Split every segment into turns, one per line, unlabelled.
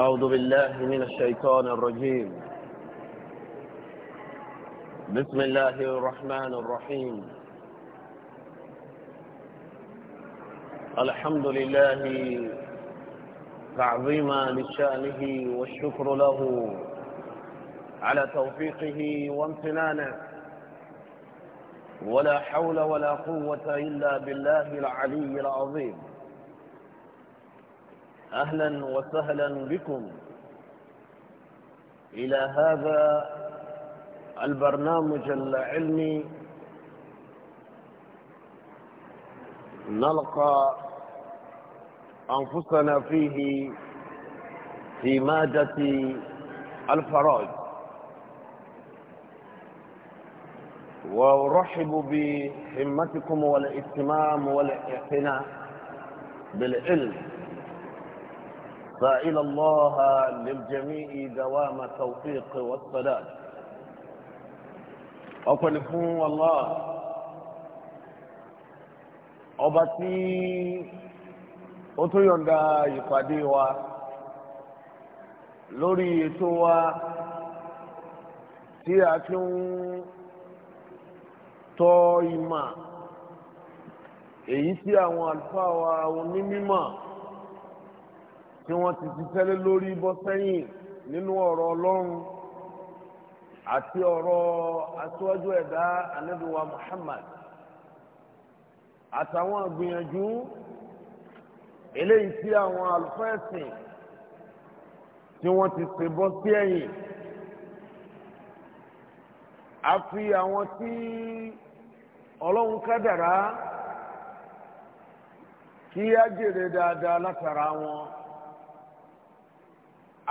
أعوذ بالله من الشيطان الرجيم بسم الله الرحمن الرحيم الحمد لله تعظيما لشأنه والشكر له على توفيقه وامتنانه ولا حول ولا قوة إلا بالله العلي العظيم أهلا وسهلا بكم إلى هذا البرنامج العلمي نلقى أنفسنا فيه في مادة الفرائض وأرحب بهمتكم والاهتمام والاعتناء بالعلم سائل الله للجميع دوام التوفيق والسداد ọpẹ́ fún Allah ọba tí ó tún yọ̀ǹda ìpàdé wa lórí ètò wa tí a fi ń tọ́ ìmọ̀ èyí tí àwọn àlùfáà wa onímọ̀ tí wọ́n ti ti tẹ́lẹ̀ lórí bọ́ sẹ́yìn nínú ọ̀rọ̀ ọlọ́run àti ọ̀rọ̀ aṣíwájú ẹ̀dá anábìwá Muhammad àtàwọn àgbìyànjú eléyìí tí àwọn àlùfáà ẹ̀sìn tí wọ́n ti ṣe bọ́ sí ẹ̀yìn a fi àwọn tí ọlọ́run kádàrá kí á jèrè dáadáa látara wọn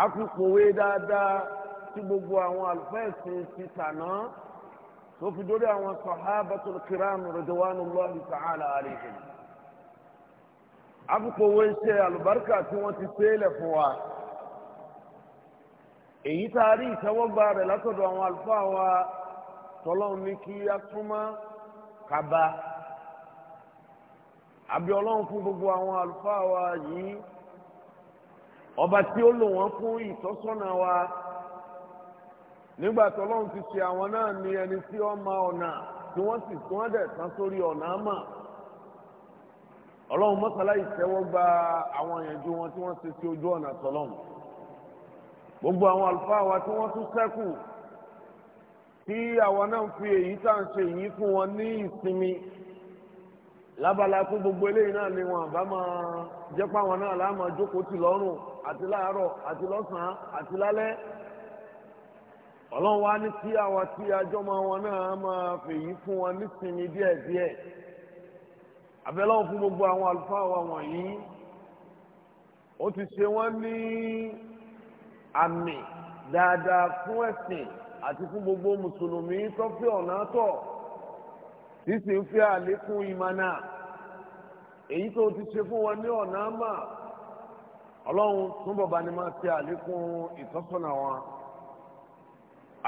akúpòwe dáadáa tí gbogbo àwọn àlùfẹ́ẹ̀sìn ti tàná tó fi dórí àwọn sahabatul kiram ridwanullahi ta'ala alaihim akúpòwe ṣe àlùbáríkà tí wọ́n ti sẹ́lẹ̀ fún wa èyí tá a rí ìtẹ́wọ́gbà rẹ̀ látọ̀dọ̀ àwọn àlùfáà wa tọ́lọ́run ní kí a túmọ̀ kaba àbí fún gbogbo àwọn àlùfáà wa yìí ọba tí ó lò wọ́n fún ìtọ́sọ́nà wa nígbà tó lọ́run ti ṣe àwọn náà ní ẹni tí ó ma ọ̀nà tí wọ́n sì tún ẹ̀dẹ̀ tán sórí ọ̀nà àmà ọlọ́run mọ́sálá ìtẹ́wọ́ gba àwọn ìyànjú wọn tí wọ́n ṣe sí ojú ọ̀nà tọ́lọ́run gbogbo àwọn àlùfáà wa tí wọ́n tún sẹ́kù tí àwọn náà fi èyí tá à ń ṣe yìí fún wọn ní ìsinmi lábala fún gbogbo eléyìí náà ni wọn àbá máa jẹ́ àwọn náà láà máa jókòó lọ́rùn àti láàárọ̀ àti lọ́sàn-án àti lálẹ́ ọlọ́run wá ní kí àwọn tí ajọ́mọ wọn náà máa fèyí fún wọn nísìnyí díẹ̀díẹ̀ àbẹ́lọ́run fún gbogbo àwọn àlùfáà wa wọ̀nyí ó ti ṣe wọ́n ní àmì dáadáa fún ẹ̀sìn àti fún gbogbo mùsùlùmí tó ọ̀nà tọ̀ tí ń fi àlékún ìmánà èyí tó ti ṣe fún wọn ní ọ̀nà máa ọlọ́run túnbọ̀ bá ní máa ṣe àlékún ìtọ́sọ́nà wọn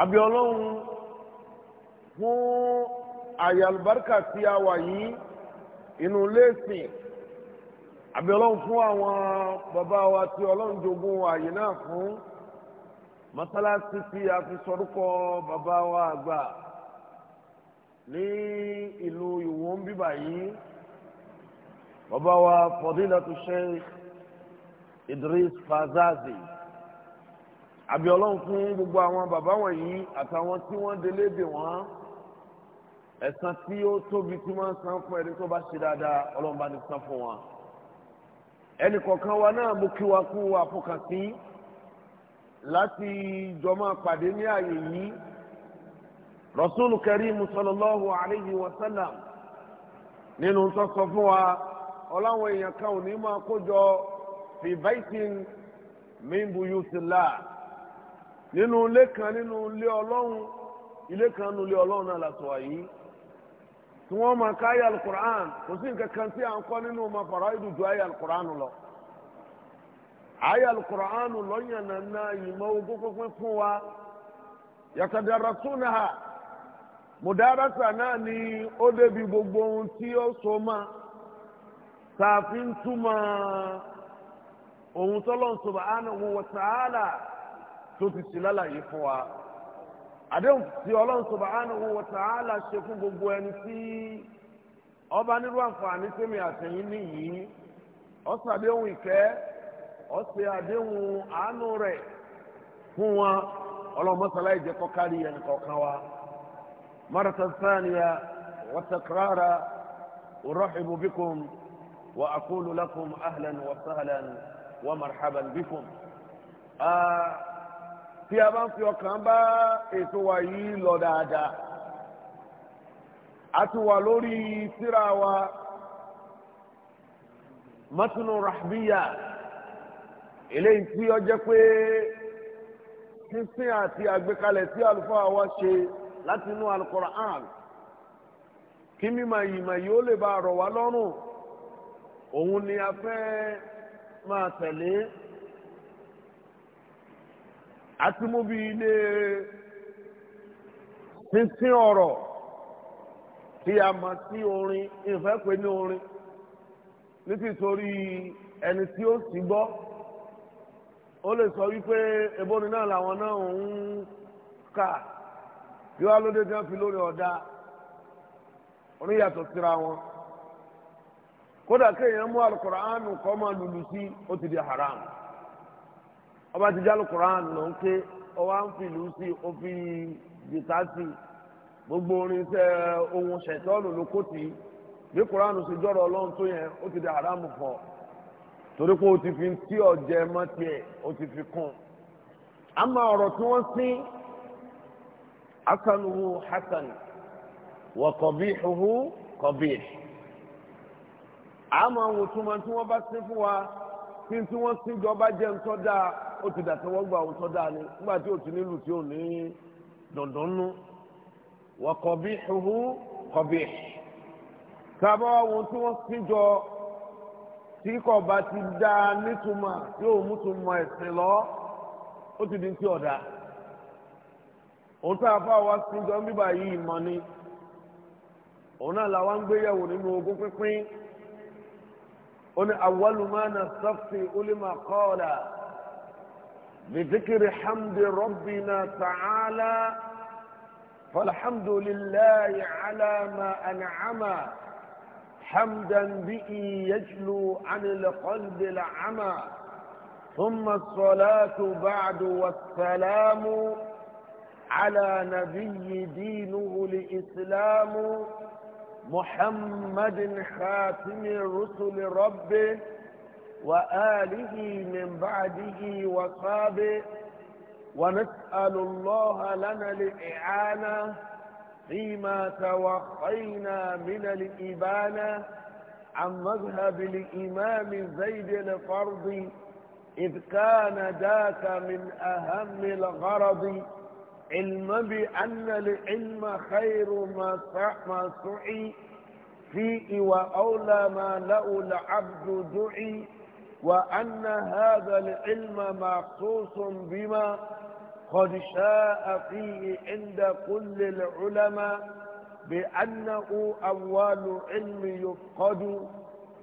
àbí ọlọ́run fún àyè àlùbáríkà tí a wà yìí inú léèsìn àbí ọlọ́run fún àwọn bàbá wa tí ọlọ́run jogún àyè náà fún mọ́sálásí tí a fi sọ́rúkọ bàbá wa àgbà ní ìlú ìwọ̀n bíbà yìí bàbá wa fọ̀dílà tó ṣe Idris Fazazi àbí ọlọ́run fún gbogbo àwọn bàbá wọ̀nyí àtàwọn tí wọ́n délé dè wọ́n ẹ̀san tí ó tóbi tí wọ́n san fún ẹni tó bá ṣe dáadáa ọlọ́run ní san fún wọn. ẹnì kọ̀ọ̀kan wa náà mú kí wa kú àfọkànsí láti jọ máa pàdé ní ààyè yìí rasulu karimu sallallahu alayhi wa sallam nínú tó fún wa ọláwọn èèyàn kan ò ní máa kó jọ fi baitin min buyutillah nínú ilé kan nínú ilé ọlọ́run ilé kan nínú ilé ọlọ́run náà làtọ̀ àyí tí wọ́n máa ká ayé alukur'an kò sí nǹkan kan tí à ń kọ́ nínú ma fara ìdùdú ayé alukur'an lọ ayé alukur'an lọ́yàn nàná ìmọ̀ ogún pínpín fún wa yatadarasunaha mudarasa náà ni ó débi gbogbo ohun tí ó so máa tààfin túmọ̀ òun tọ́lọ́n subhanahu wa ta'ala tó ti sì lálàyé fún wa àdéhùn tí ọlọ́run subhanahu wa ta'ala ṣe fún gbogbo ẹni tí ọba nírú àǹfààní sẹ́mi àtẹ̀yìn nìyí ọ̀sẹ̀ àdéhùn ìkẹ́ ọ̀sẹ̀ àdéhùn àánú rẹ̀ fún wa ọlọ́run mọ́sálá ìjẹ́ kọ́kárí ẹnì kọ̀ọ̀kan wa wa takrara wa lakum ahlan wa sahlan. wa marhaban bikum. tí a bá ń fi ọkàn bá ètò wa yìí lọ dáadáa a ti wà lórí síra wa matunu rahbiya eléyìí tí ó jẹ́ pé sísìn àti àgbékalẹ̀ tí àlùfáà wa ṣe láti inú alukoran kí mímọ ìmọ̀ yìí ó lè bá rọ̀ wá lọ́rùn òun ni a fẹ́ máa tẹ̀lé àti mú bí ilé sísín ọ̀rọ̀ tí a mọ̀ sí orin ìfẹ́ pé ní orin nítorí ẹni tí ó sì gbọ́ ó lè sọ wípé ebóni náà làwọn náà ń kà yóò wá lóde tí wọ́n fi lórí ọ̀dà oníyàtọ̀ síra wọn. kódà kéèyàn mú alukuraanu kọ́ máa lulu sí ó ti di haram ọba ti di alukuraanu ló ń ké ọba ń fi sí ó fi jìtá sí gbogbo orin tẹ ohun ṣẹtọ́nù ló kó tì bí kuraanu ṣe jọ̀rọ̀ ọlọ́run tó yẹn ó ti di haram fọ torí pé o ti fi tí ọ̀jẹ̀ o ti fi kún tí hasan wa àmọ́ àwọn òtúmọ̀ tí wọ́n bá sí fún wa kí n tí wọ́n sí jọba jẹ́ ntọ́ dáa ó ti dàtẹ́ wọ́n gba àwọn dáa ni nígbà tí òtún nílùú tí ò ní dandan nú wọ́n kọ̀ bí huhu kọ̀ bí kábọ̀ àwọn tí wọ́n sí jọ tí kò bá ti dáa nítumọ̀ yóò mú tumọ̀ ẹ̀sìn lọ ó ti di ti ọ̀dà òun tá a fà sí jọ bíbá yìí mọ́ ni òun náà làwọn gbéyàwó nínú ogún pínpín. قل أول ما نستفي علم قال بذكر حمد ربنا تعالى فالحمد لله على ما أنعم حمدا به يجلو عن القلب العمى ثم الصلاة بعد والسلام على نبي دينه الإسلام محمد خاتم رسل ربه وآله من بعده وصابه ونسأل الله لنا الإعانة فيما توخينا من الإبانة عن مذهب الإمام زيد الفرض إذ كان ذاك من أهم الغرض علم بأن العلم خير ما ما سعي فيه وأولى ما له العبد دعي وأن هذا العلم مخصوص بما قد شاء فيه عند كل العلماء بأنه أول علم يفقد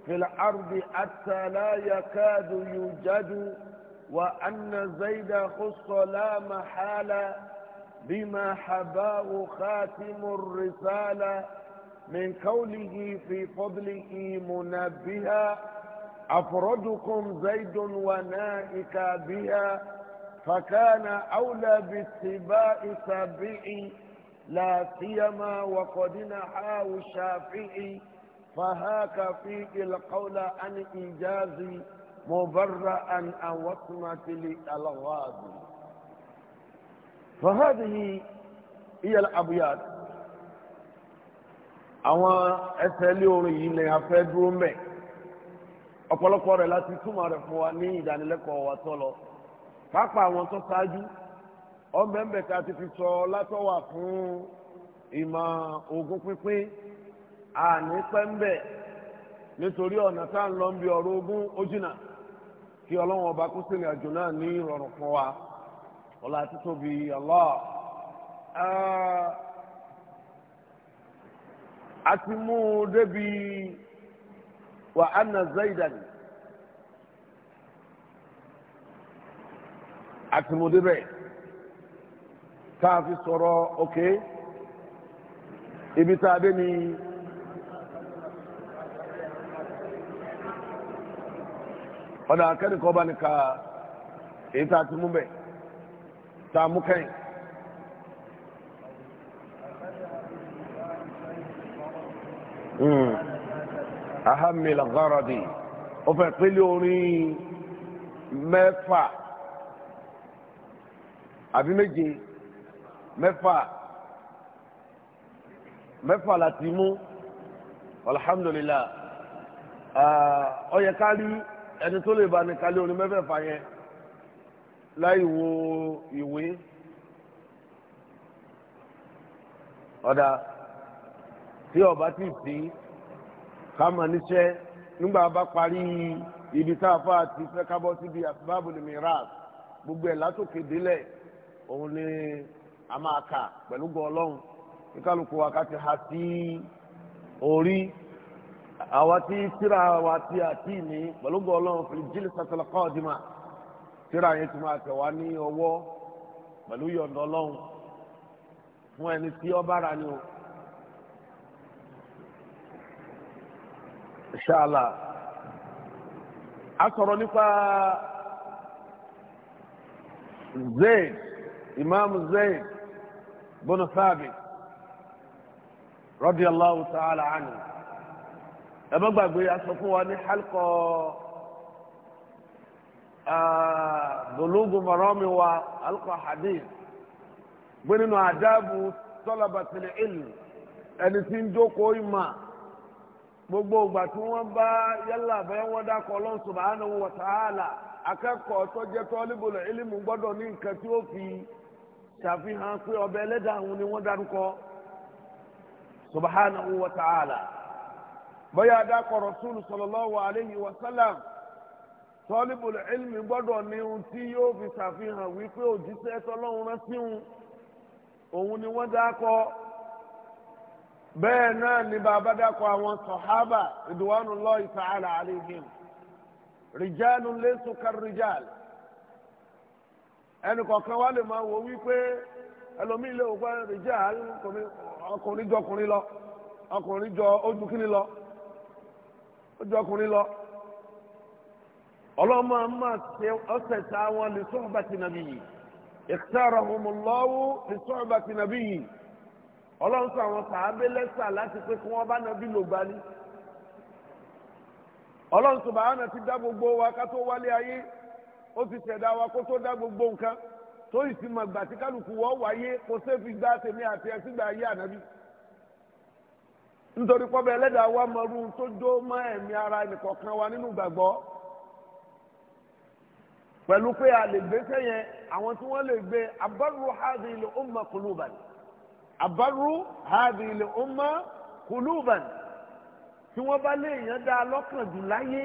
في الأرض حتى لا يكاد يوجد وأن زيد خص لا محالة بما حباه خاتم الرسالة من قوله في فضله منبها أفردكم زيد ونائك بها فكان أولى باتباع سبعي لا سيما وقد نحاه الشافعي فهاك فيك القول عن إيجازي مبرأ أن وصمة الألغاز فهذه هي الأبيات àwọn ẹsẹ̀ ilé orin yìí ni a fẹ́ dúró mẹ́ ọ̀pọ̀lọpọ̀ rẹ̀ láti túmọ̀ rẹ̀ fún wa lọ pápá àwọn tó ṣáájú ti fi sọ pínpín nítorí ọ̀nà tá ọba kó sínú àjò náà ọlá títóbi Allah a ti mú un débi wà á nà zaidan a ti mú un débẹ̀ tá a fi sọ̀rọ̀ òkè ibi tá a dé ni. ọ̀dà akẹ́nìkan bá ní ka èyí tá a ti mú bẹ́ẹ̀ tààmú kẹ́yìn hmm. ahamil gharadi ó fẹ́ pélé orin mẹ́fà àbí méje mẹ́fà mẹ́fà láti mú alhamdulillah ah, ó yẹ ká rí ẹni tó lè bá ní kálí orin mẹ́fẹ̀ẹ̀fà yẹn láì wo ìwé ọ̀dà tí ọba ti sí ká mọ̀ níṣẹ́ nígbà bá parí ibi tá a fà ti fẹ́ kábọ́ síbi àtibábù ní mìíràn gbogbo ẹ̀ látòkè délẹ̀ òun ni a máa kà pẹ̀lú gan ọlọ́run kíkálukú wa ká ti ha sí orí àwa tí síra wa ti àti ní pẹ̀lú gan ọlọ́run fil jilsatil qadima. tíra yẹn ti máa tẹ̀wá ní ọwọ́ pẹ̀lú yọ̀ǹda ọlọ́run fún ẹni tí ó bára ni o. ṣáàlà a sọ̀rọ̀ nípa Zayd Imam Zayd bin Thabit radiyallahu ta'ala anhu ẹ má gbàgbé a sọ fún wa ní halqa. bulugu marami wa alqa hadith gbé nínú àdábù talabatil ilm ẹni tí ń gbogbo ìgbà tí wọ́n bá yálà bẹ́ẹ̀ wọ́n dákọ̀ Ọlọ́run subhanahu wa ta'ala akẹ́kọ̀ọ́ tó jẹ́ talibul ilm gbọdọ ní nǹkan tí ó fi ṣàfihàn pé ọbẹ̀ ẹlẹ́dàá àwọn ni wọ́n dárúkọ subhanahu wa ta'ala bóyá dákọ̀ Rasulu sallallahu wa sallam. tọ́líbù ilmi gbọ́dọ̀ ní ohun tí yóò fi ṣàfihàn wípé òjíṣẹ́ tọ́lọ́run rán sí òun òun ni wọ́n dákọ́ bẹ́ẹ̀ náà ni bàbá dákọ́ àwọn sọ̀hábà ridwanullahi ta'ala alaihim rìjálù laysu karrijal ẹnì kọ̀ọ̀kan wá lè máa wò wípé ẹlòmíì lè wọ́pẹ́ rìjál ọkùnrin jọ ọkùnrin lọ ọkùnrin jọ ojú kìíní lọ ojú ọkùnrin lọ. ọlọ́mọ ọmọ ṣe ọ̀sẹ̀ wọn lè sọ́ọ̀bà ti nàbí yìí ikhtarahumullahu lè sọ́ọ̀bà ti nàbí yìí ọlọ́run àwọn sàábé lẹ́sà láti pé kí wọ́n bá nàbí ti gbogbo wa ká tó wálé ayé ti wa kó tó dá gbogbo nǹkan tó ìsìnmọ̀ gbà tí kálukú wáyé kó sẹ́fì gbá tèmi àti gbà ayé ànábì nítorí pọ́bẹ ẹlẹ́dàá wa tó pẹ̀lú pé a lè gbé sẹ́yìn àwọn tí wọ́n lè gbé abarru hadhi li umma quluban abarru hadhi li umma quluban tí wọ́n bá lè yàn dá lọ́kàn jù láyé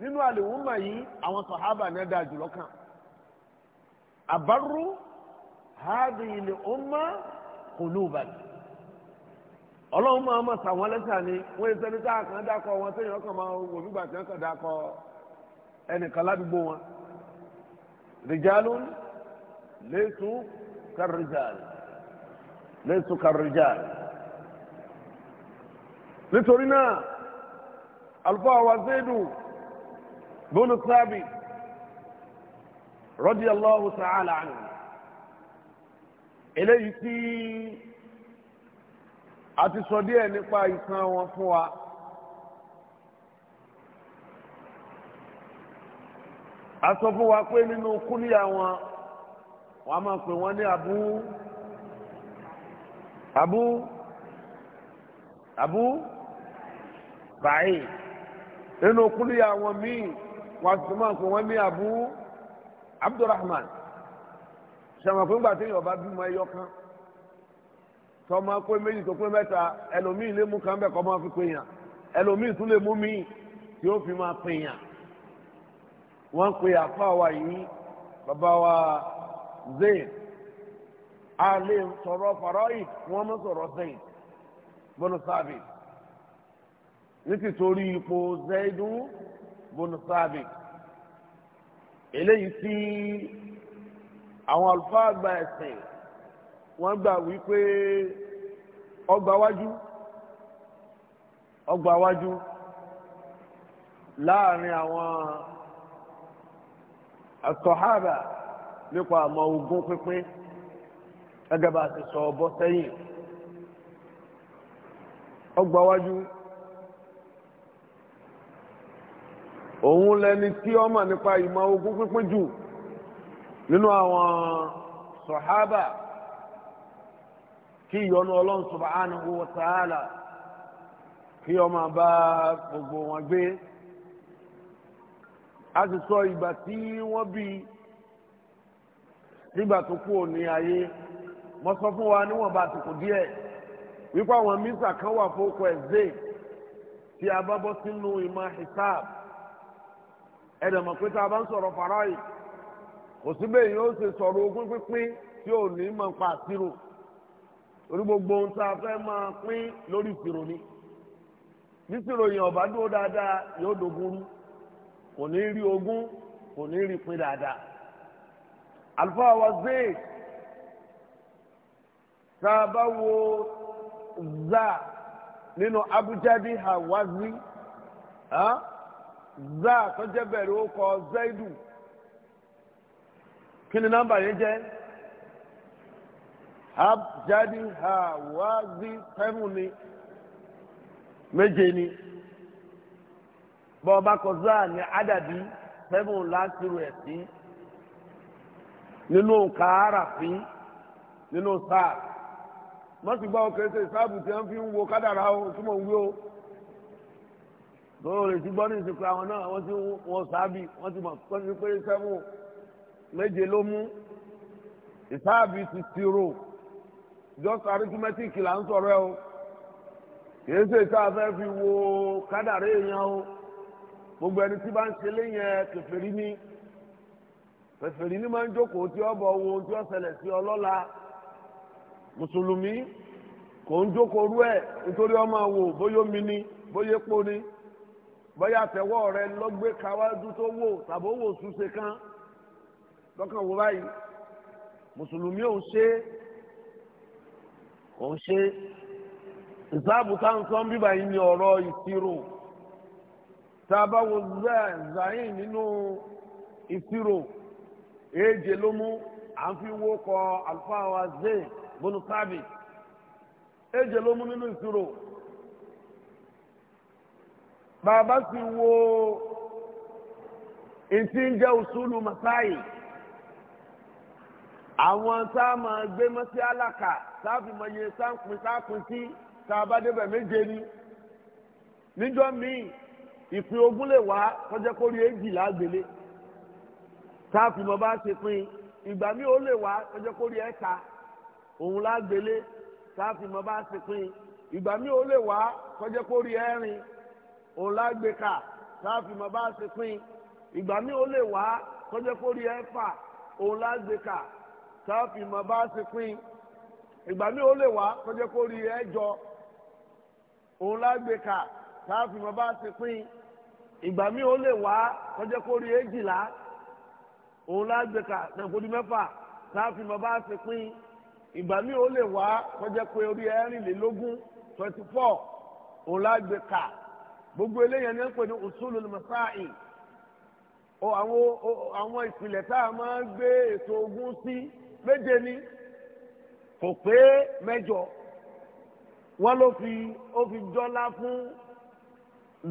nínú àlèwúmọ̀ yìí àwọn sàhábà náà dá jù lọ́kàn abarru hadhi li umma quluban ọlọ́run máa ma sà lẹ́sà ni wọ́n yẹ sẹ́ni tá dákọ̀ wọn sẹ́yìn ọkàn máa wò nígbà tí wọ́n kàn dákọ̀ ẹnìkan ládùúgbò wọn. رجال ليسوا كالرجال ليسوا كالرجال nítorí náà alfa wa zaidu bunu sabi radiyallahu ta'ala anhu eléyìí tí a ti sọ díẹ̀ nípa ìtàn wọn fún wa a sọ fún wa pé nínú kúlíà wọn wọn a máa pè wọn ní abu abu abu sa'id nínú kúlíà wọn míì wọn a tún máa pè wọn ní abu abdulrahman sàmàpé ńgbà tí yorùbá bímọ ẹyọ kan tọmọ pé méjì tó pé mẹ́ta ẹlòmíì lè mú kan bẹ kọ máa fi pè yàn ẹlòmíì tún lè mú míì tí ó fi máa pè yàn wọ́n pe àfáwà yìí bàbá wa zayn a lè sọ̀rọ̀ fàrọ́ì wọ́n mọ̀ sọ̀rọ̀ zayn bọ́nù sábì ní ti torí ipò zaidu bọ́nù sábì eléyìí sí àwọn àlùfáà àgbà ẹ̀sìn wọ́n gbà wípé ọgbà wájú ọgbà wájú láàrin àwọn àtọ̀hábà nípa àmọ́ ogún pínpín gẹ́gẹ́ bá ti sọ ọbọ̀ sẹ́yìn ọgbà wájú òun lẹni tí ó mọ̀ nípa ìmọ̀ ogún pínpín jù nínú àwọn sọ̀hábà kí ìyọ́nú ọlọ́run subhanahu wa ta'ala kí ó máa bá gbogbo wọn gbé a sì sọ ìgbà tí wọ́n bí nígbà tó kú òní ayé mo sọ fún wa níwọ̀nba àsìkò díẹ̀ wípé àwọn mísà kan wà fókò ẹ̀ tí a bá bọ́ sínú ìmọ̀ hisab ẹ̀dẹ̀mọ̀ pé tá a bá ń sọ̀rọ̀ fara yìí kò síbẹ̀ yìí ó ṣe sọ̀rọ̀ ogún pínpín tí ò ní pa àṣírò orí gbogbo ohun tá a fẹ́ máa pín lórí ìṣirò ni níṣirò yẹn ọ̀bá dúró dáadáa yóò dogun rú kò ní rí ogún kò ní rí pin dáadáa àlùfáà wa zayd tá bá wo za nínú abujadi hawazi za tó jẹ́ bẹ̀rẹ̀ kọ zaidu kí ni nọ́mbà yẹn jẹ́ abujadi hawazi seven ni méje ni. bọ́ọ̀bá kọjá ní ádàbí sẹ́fún láṣìírò ẹ̀ sí nínú kàáràfin nínú sáà mọ́sùgbà òkè ṣe ìsáàbù tí wọ́n fi ń wo kádàrá o tí mò ń wí o lóòrò rẹ̀ ti gbọ́ ní ìsìnkú àwọn náà wọ́n ti wọ́n sáàbì wọ́n ti mọ̀ tó ti pé sẹ́fún méje ló mú ìsáàbì ti tiro just arithmetic là ń sọ̀rọ̀ ẹ o kì í ṣe ìsáàfẹ́ fi wo kádàrá èèyàn o. gbogbo ẹni tí bá ń ṣe léyìn kèfèrí ní kèfèrí ní máa ń jókòó tí ọbọ ohun tí ó ṣẹlẹ̀ sí ọlọ́la mùsùlùmí kò ń jókòó rú ẹ̀ nítorí ọmọ wò bóyá omi ni bóyá epo ni bóyá àtẹwọ́ rẹ lọ́gbé káwájú tó wò tàbí kan lọ́kàn wò báyìí mùsùlùmí ò ń ṣe ò ń ṣe sọ ń bíbá yìí tá a bá wo zayin nínú ìṣirò èje ló mú à ń fi wó kọ àlùfáà wa zayin bónú sábì èje ló mú nínú ìṣirò bàbá sì wo ìtí ń jẹ́ òṣùlù masáyì àwọn tá a máa gbé mọ́sí àlàkà tá a fi mọ iye tá a pin sí tá a bá débẹ̀ méje ni níjọ́ míì ìpín ogún lè wá kọjá kórí èjìlá gbélé táàfin mọ bá ṣe pín ìgbà míì ó lè wá kọjá kórí ẹ̀ka òun lágbélé táàfin mọ bá ṣe pín ìgbà míì ó lè wá kọjá kórí ẹ̀rin òun lágbèéká táàfin mọ bá ṣe pín ìgbà míì ó lè wá kọjá kórí ẹ̀fà òun lágbèéká táàfin mọ bá ṣe pín ìgbà míì ó lè wá kọjá kórí ẹ̀jọ òun lágbèéká táàfin mọ bá ṣe pín ìgbà míì ó lè wá kọjá kó rí èjìlá òun lágbè ká nàkódì mẹ́fà láàfin bàbá àti pín ìgbà míì ó lè wá kọjá kó rí ẹ̀rìnlélógún twenty four òun lágbè ká gbogbo eléyẹn ní ń pè ní usulul masail àwọn àwọn ìpìlẹ̀ tá a máa ń gbé ètò ogún sí méje ni kò pé mẹ́jọ wọ́n ló fi ó fi jọ́lá fún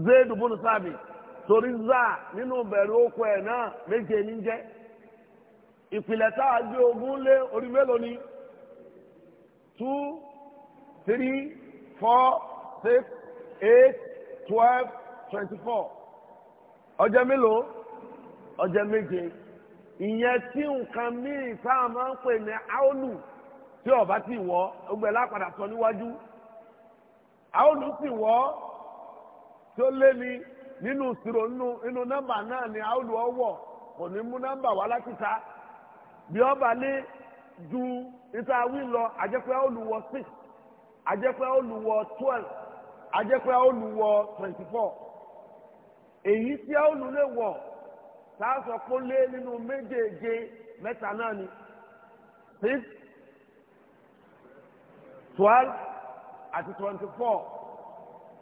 Zaid bunu Sabit torí zá nínú bẹ̀rù oko ẹ̀ náà méje ní jẹ́ ìpìlẹ̀ tá a gbé ogún lé orí mélòó ni two three four six eight twelve twenty four ọjọ́ mélòó ọjọ́ méje ìyẹn tí nǹkan míì tá a máa ń pè ní aolu tí ọba ti wọ ọgbẹ lápadà sọ níwájú aolu ti wọ tí ó lé ní nínú ìṣirò inú nọmba náà ni àwòlù ọwọ́ kò ní mú nọ́mbà wá lákìta bí ọba lé ju níta wí lọ àjẹpẹ́ olùwọ six àjẹpẹ́ olùwọ twelve àjẹpẹ́ olùwọ twenty four èyí tí àwòlù lè wọ̀ lé nínú méjèèje meta náà ni six twelve àti twenty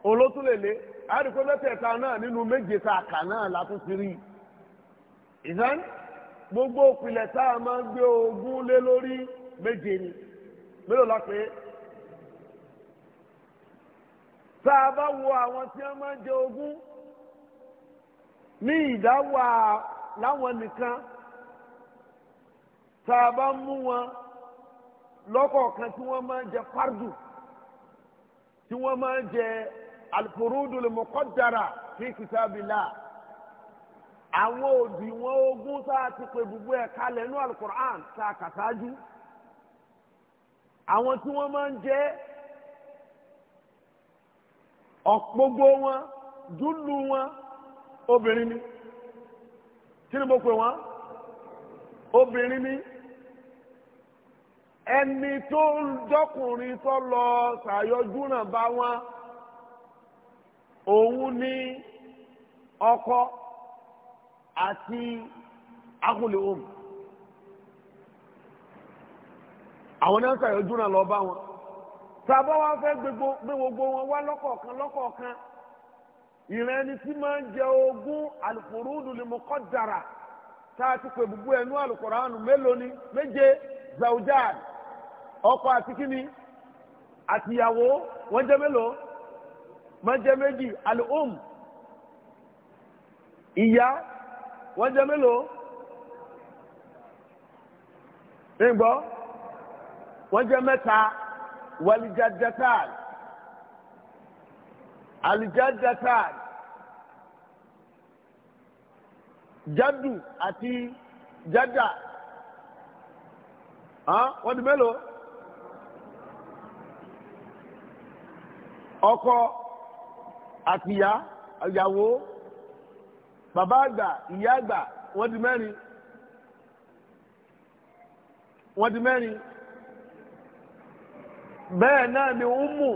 olótúlélé àdìpé mẹ́tẹ̀ẹ̀ta náà nínú méje tá a kà náà la tún ti rí i ìsán gbogbo òpìlẹ̀ tá a máa ń gbé ogún lé lórí méje ni mélòó la pé tá a bá wo àwọn tí wọ́n máa ń jẹ ogún ní ìdáwà láwọn nìkan tá a bá mú wọn lọ́kọ̀ọ̀kan tí wọ́n máa ń jẹ pardu tí wọ́n máa ń jẹ alfurudul muqaddara fi kitabillah àwọn òdìwọ̀n ogún tá a ti pè gbogbo ẹ̀ kalẹ̀ nínú alukur'an tá a kà sáájú àwọn tí wọ́n máa ń jẹ́ ọ̀pọ̀gbọ́ wọn dúlù wọn obìnrin ni kí ni mo pè wọ́n obìnrin ni ẹni tó ń tó lọ ṣàyọjú náà bá wọn. òun ní ọkọ àti akúlẹ̀wòm àwọn náà ṣàyọjú náà lọ bá wọn tàbá wa fẹ́ gbogbo wọn wá lọkọọkan. lọ́kọ̀ọ̀kan ìran ẹni tí máa ń jẹ ogún al-furudul muqaddara tá a ti pè gbogbo ẹnu al mélòó ni méje ọkọ àti kíni àtìyàwó wọ́n wọ́n jẹ́ méjì al'um ìyá wọ́n jẹ́ mélòó ìgbọ́ wọ́n jẹ́ mẹ́ta wàlìjàjàtàl àlìjàjàtàl jádù àti jádà wọ́n di mélòó ọkọ̀ àtìyá ìyàwó bàbá àgbà ìyá àgbà wọ́n di mẹ́rin wọ́n di mẹ́rin bẹ́ẹ̀ náà ni ummu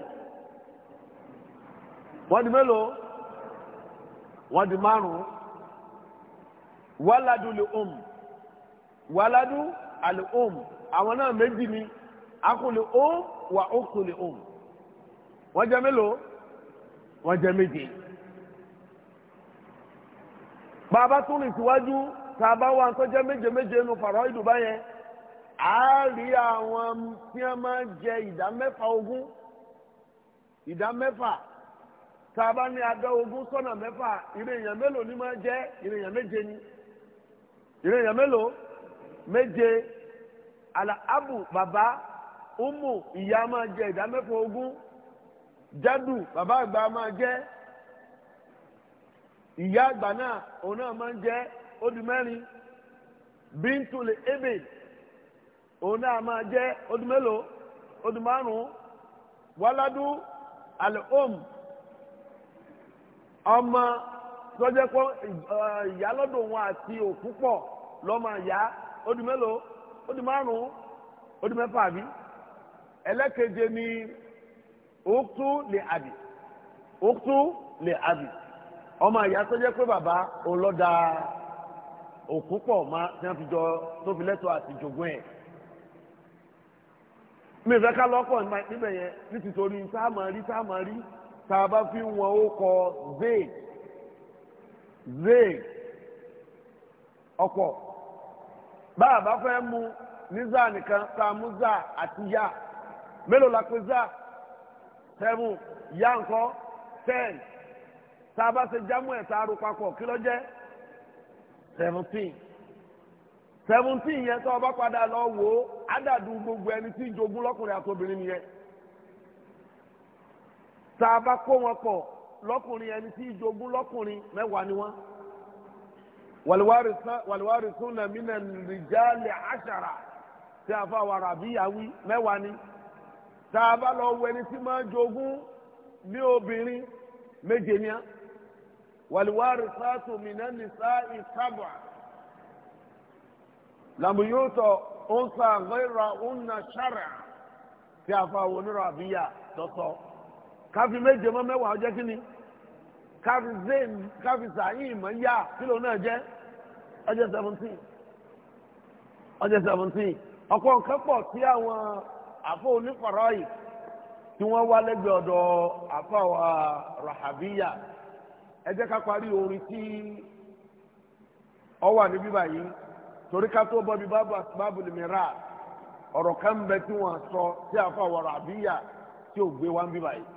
wọ́n di mélòó wọ́n di márùn-ún wàládù lè um wàládù àlè um àwọn náà méjì ni akùn lè wà ókùn lè wọ́n jẹ́ mélòó wọ́n jẹ́ méje. bàbá tún lè síwájú tá a bá wà tó jẹ́ méje méje nu fàrọ̀ ìdùbá yẹn á rí àwọn tí wọ́n máa ń jẹ ìdá mẹ́fà ogún ìdá mẹ́fà tá a bá ní adá ogún sọ́nà mẹ́fà ìrèyàn mélòó ni máa jẹ́ ìrèyàn méje ni ìrèyàn mélòó méje àlà bàbá umu ìyá máa jẹ ìdá mẹ́fà ogún jádù bàbá àgbà máa jẹ́ ìyá àgbà náà òun náà máa ń jẹ́ ó di mẹ́rin bíntùlì ebè òun náà máa jẹ́ ó di mélòó ó di márùn-ún wàládù ọmọ tó jẹ́ pé ìyálọ́dọ̀ wọn àti òkú pọ̀ ìyá ó di mélòó ó ni òkú lè àbí òkú lè àbí ọmọ ìyá tó jẹ́ pé bàbá ọlọ́dà òkú pọ̀ má tí wọ́n fi jọ tó fi lẹ́tọ̀ọ́ àti jogún ẹ̀. mi fẹ́ ká lọ́pọ̀ níbẹ̀ yẹn nítorí sáàmà rí sáàmà tá a bá fi wọn ó kọ zeeg zeeg ọ̀pọ̀ bá a bá fẹ́ mu ní zaa nìkan tá a mú zaa àti yá mélòó la pé zaa seven ìyá ńkọ́ ten tá a bá ṣe jámù ẹ̀ tá a rò papọ̀ kí ló jẹ́ seventeen seventeen yẹn tó o bá padà lọ wò ó ádàdú gbogbo ẹni tí ń jogún lọ́kùnrin àtobìnrin nìyẹn tá a bá kó wọn pọ̀ lọ́kùnrin ẹni tí ń jogún lọ́kùnrin mẹ́wàá ni wọ́n wàlúwárì sún nàmínà rìjálì àṣàrà tí a fà wàrà bíyàwí mẹ́wàá ni. tá a bá lọ wẹni tí máa jogún ní obìnrin méje ní a wàlúwárì sáàtù mìíràn ní sáà ìsábà làmúyòtò ọ̀nsà àgbẹ̀rà ọ̀nà sára tí a fa onírò àbíyà tọ̀tọ̀ káfí méje mọ́ mẹ́wàá ọjọ́ kí ni káfí zayn káfí sàyìn mọ́ yá kílò náà jẹ́ ọjọ́ seventeen ọjọ́ seventeen ọ̀pọ̀ nǹkan pọ̀ sí àwọn. àfọ onífàrọ́ yìí tí wọ́n wá lẹ́gbẹ̀ẹ́ ọ̀dọ̀ àfàwà rahabiya ẹ jẹ́ ká parí orin tí ọ wà ní bíbá yìí torí ká tó bọ́ bí báàbù lè mìíràn ọ̀rọ̀ kan bẹ tí wọ́n sọ tí àfàwà rahabiya tí ò gbé wá ń bíbá yìí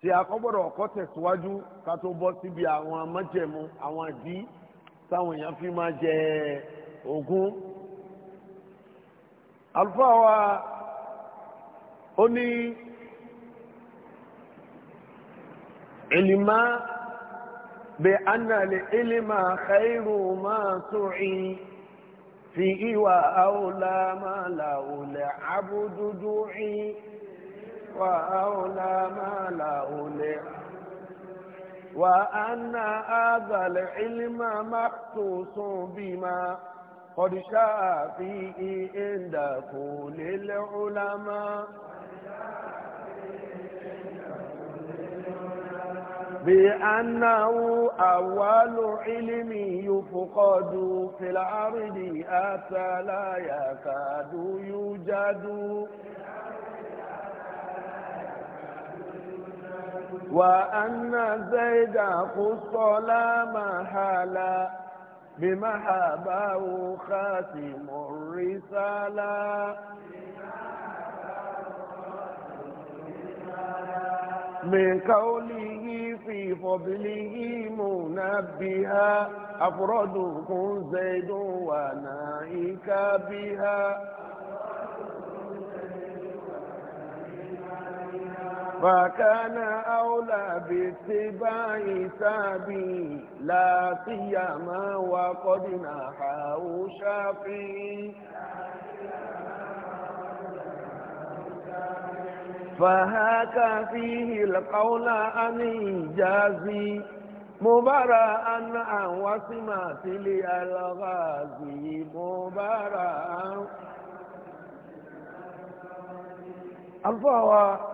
tí a kọ́ gbọ́dọ̀ ká tó bọ́ síbi àwọn májẹ̀mú àwọn àdí táwọn èèyàn fi máa jẹ ogún àlùfáà wa ó ní ìlìmá bẹ annàlè ìlìmá khairu máa tóri fi ìwà àwòlá máa làwòlẹ̀ àbúdúdú rí wà àwòlá máa làwòlẹ̀ وأن هذا العلم مخصوص بما قد شاء فيه عند كل العلماء بأنه أول علم يفقد في الأرض أتى لا يكاد يوجد وأن زيد خص لا محالا بمحبه خاتم الرسالة من قوله في فضله منبها أفردكم زيد ونائك بها فكان أولى باتباع سابي لا سيما وقد نحاه شافي فهاك فيه القول أن إيجازي مبارا عن وسمات الغازي مبارا الفوا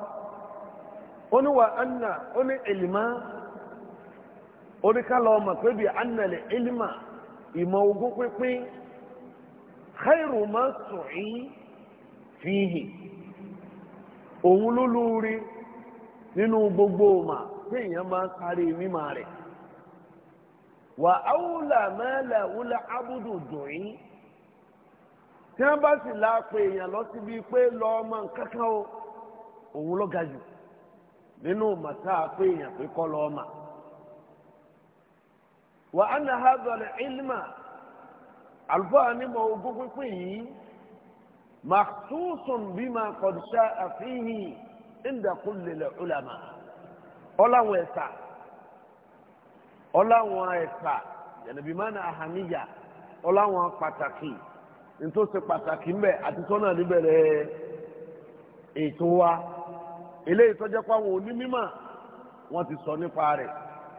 onu wa anna oni ilima orikala ọma pebi anna le ilima ima ogun pinpin khairu ma sui fihi ohun lulu ri ninu gbogbo ma ti eyan ma kari mima re wa aula ma la wula abudu dui tí wọn bá sì la pe èèyàn lọ síbi pé lọ ọmọ nǹkan kan o òun lọ ga jù. nínú màtá pé èèyàn pé kọ́ lọ́ọ́ mà. wà á nà ha dọ̀lẹ̀ ilmà àlùfáà ni mo ogún pínpín yìí màtúùsùn bí máa kọ̀dùṣà àfihì ìdàkúnlélẹ̀ ọ̀làmà ọ̀làwọn ẹ̀sà ọla ẹ̀sà yẹ̀nẹ̀bí máa na àhàmìyà ọ̀làwọn pàtàkì nítorí pàtàkì ń bẹ àti níbẹ̀rẹ̀ ètò wa. eléyìí tó jẹ́ pé àwọn onímọ̀ wọ́n ti sọ nípa rẹ̀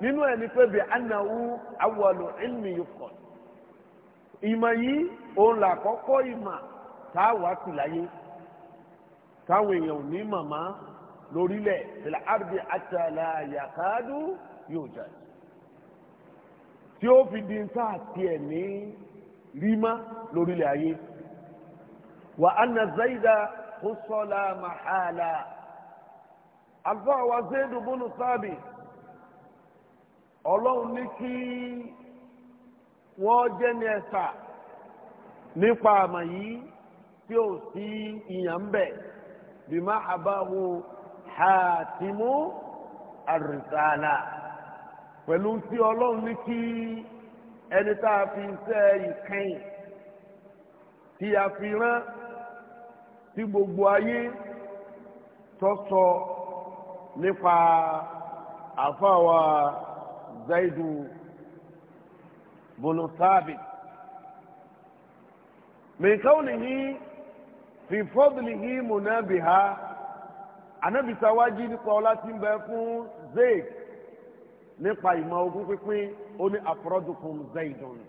nínú ẹni pé bí anáwó awọlù ilmi yukọ ìmọ̀ yìí òun là kọ́kọ́ ìmọ̀ tá a wá sí láyé táwọn èèyàn ò ní màmá lórílẹ̀ ìlà abdi àtàlà yàkádù yóò jà tí ó fi di nta àti ẹ̀mí rímá lórílẹ̀ ayé wà á nà zaida kó sọ́la màhálà alfa wa zaidu bunu sábì ọlọ́run ní kí wọ́n jẹ́ ní ẹ̀sà nípa àmà yìí tí ó sí ìyàn ń bẹ̀ bima habahu hatimu ar-risala pẹ̀lú tí ọlọ́run ní kí ẹni tá a fi iṣẹ́ ìkẹyìn tí a fi rán tí gbogbo ayé tọ́sọ. So, nípa àfọwọ́ zaidu bùnú sábì min kawlihi fi fadlihi munabiha anabi sawaji nípa ọlá tí ń bẹ fún zayd nípa ìmọ̀ ogún pínpín ó ní afradukum zaydun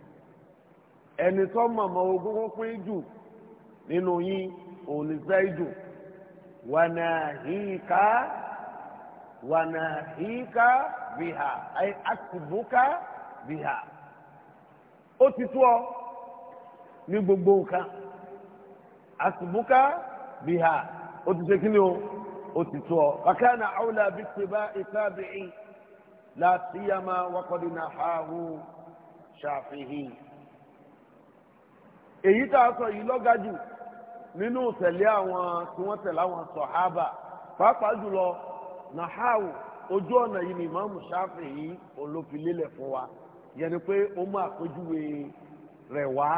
ẹni tó mọ̀ mọ̀ ogún pínpín jù nínú yín òun ni zaydu wa nahika wànàhíkà bìhà àyè àtìbùkà bìhà ó ti ọ ní gbogbo nǹkan àtìbùkà bìhà ó ti ṣe kí ni o ó ti tó ọ. kàkàna àwùlà bí tìbá ìtàbíì láàtìyàmà wàkọ̀dínà hàhù ṣàfihì. èyí tá a sọ yìí lọ́gájù nínú tẹ̀lé àwọn tí wọ́n tẹ̀lé àwọn sọ̀hábà pàápàá jùlọ. nàháwù ojú ọ̀nà yìí ni ìmáàmù ṣáfì yìí olófilélẹ̀ fún wa yẹn ni pé ó mú àpèjúwe rẹ̀ wá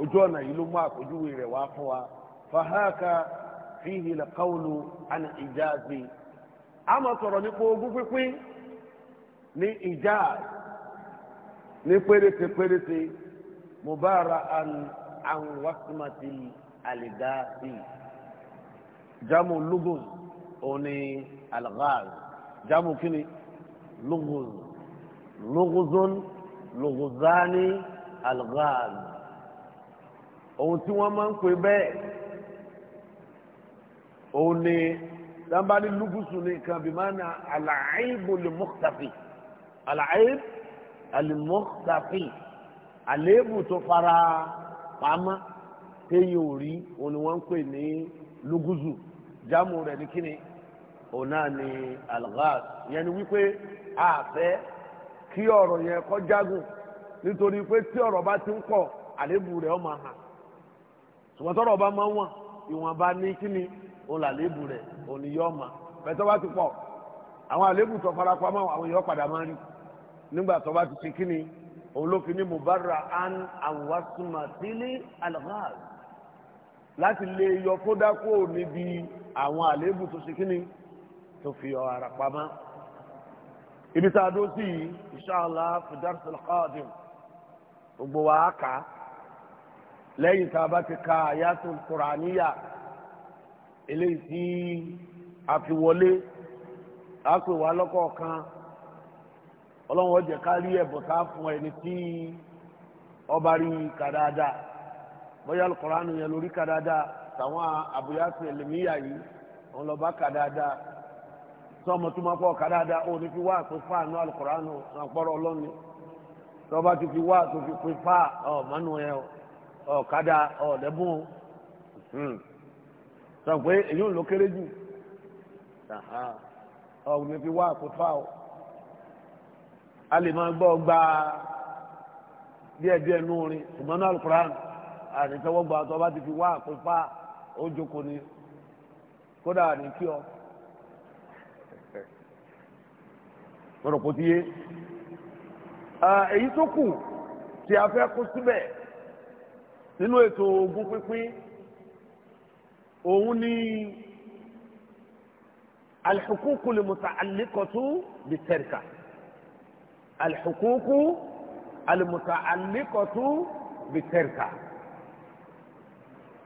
ojú ọ̀nà yìí ló mú àpèjúwe rẹ̀ wá fún wa fàhákà fíhì lẹ́kọ́ọ̀lù àni ìjáàzì a máa sọ̀rọ̀ nípa ogún pínpín ní ìjáàzì ní péréte péréte mubara an wákìmàtì àlìdáàzì jámù lugos òní alghaz jamu kini lughuz lughuzun lughuzani alghaz ohun tí wọ́n máa ń pè bẹ́ẹ̀ òun ni dábàá ní lùgùsù ní nǹkan bí máa na àlàáìbò lè mọ́kàtàfì àlàáìbò àlèmọ́kàtàfì àléébù tó fara pamọ́ téyìn ò òun ni wọ́n ń pè ní lùgùsù jámù rẹ̀ ní kíni òun náà ni alghaz yẹn ni wípé àfẹ́ kí ọ̀rọ̀ yẹn kó jágùn nítorí pé tí ọ̀rọ̀ bá ti ń pọ̀ àléébù rẹ̀ ó máa hàn ṣùgbọ́n tọ́rọ̀ bá máa ń wọ̀n ìwọ̀nba ní kíni òun làléébù rẹ̀ òun yọ ọ̀ma pẹ̀tọ́ bá ti pọ̀ àwọn àléébù tó farapamọ́ àwọn èèyàn padà máa ń rí nígbà tó bá ti ṣe kíni òun ló fi ní mubarra an awasumatili alghaz láti lè yọ kódà kó níbi àwọn àléébù tó ṣe kíni tó fi ọ̀rọ̀ pamọ́ ibi tá a dó sí yìí inṣàlá fìdárs alqadim gbogbo wa kà á lẹ́yìn tá a bá ti ka eléyìí tí a fi wọlé a pè wá lọ́kọ̀ọ̀kan ọlọ́run ọjà kárí ẹ̀bùn tá a fún ẹni tí ọba rí bóyá yẹn sọmọ tó máa pọ̀ ká dáadáa ó ní fi wá àpè fáànù alukóránù àpọ̀rọ̀ ọlọ́ni tọ́ba ti fi wá tó fi pè fá ọ̀ mánú ẹ ọ̀ kádà ọ̀ lẹ́bùn hmm. sọ pé èyí ò ló kéré jù ọ̀ ní fi wá àpè fá ọ̀ a lè máa gbọ́ gba díẹ̀díẹ̀ nú orin ṣùgbọ́n náà alukóránù àti tọwọ́ gba tọ́ba ti fi wá àpè fá ó jókòó ni kódà ní kí ọ. lọ́rọ̀ kó ti yé èyí tó kù tí a fẹ́ kó síbẹ̀ nínú ètò ogún pínpín òun ni alḥukuku lè mùtà àlékọ̀tún bí tẹ̀ríkà alḥukuku alìmùtà àlékọ̀tún bí tẹ̀ríkà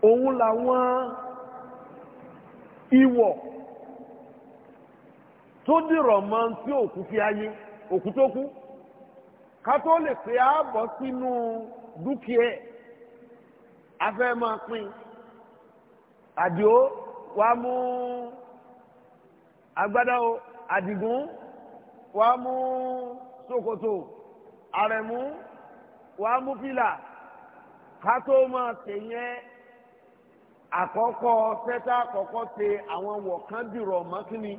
òun làwọn ìwọ̀ tó dìrọ̀ mọ́ tí òkú fi ayé òkú tó kú ká tó lè pé ààbọ̀ sínú dúkìá ẹ̀ afẹ́ máa pín àdìó wàá mú agbádá o àdìgún wàá mú ṣòkòtò àrẹ̀mú wàá mú fìlà ká tó máa tẹ̀yẹ́ àkọ́kọ́ sẹ́tà àkọ́kọ́ ṣe àwọn wọ̀kán dìrọ̀ mọ́kínni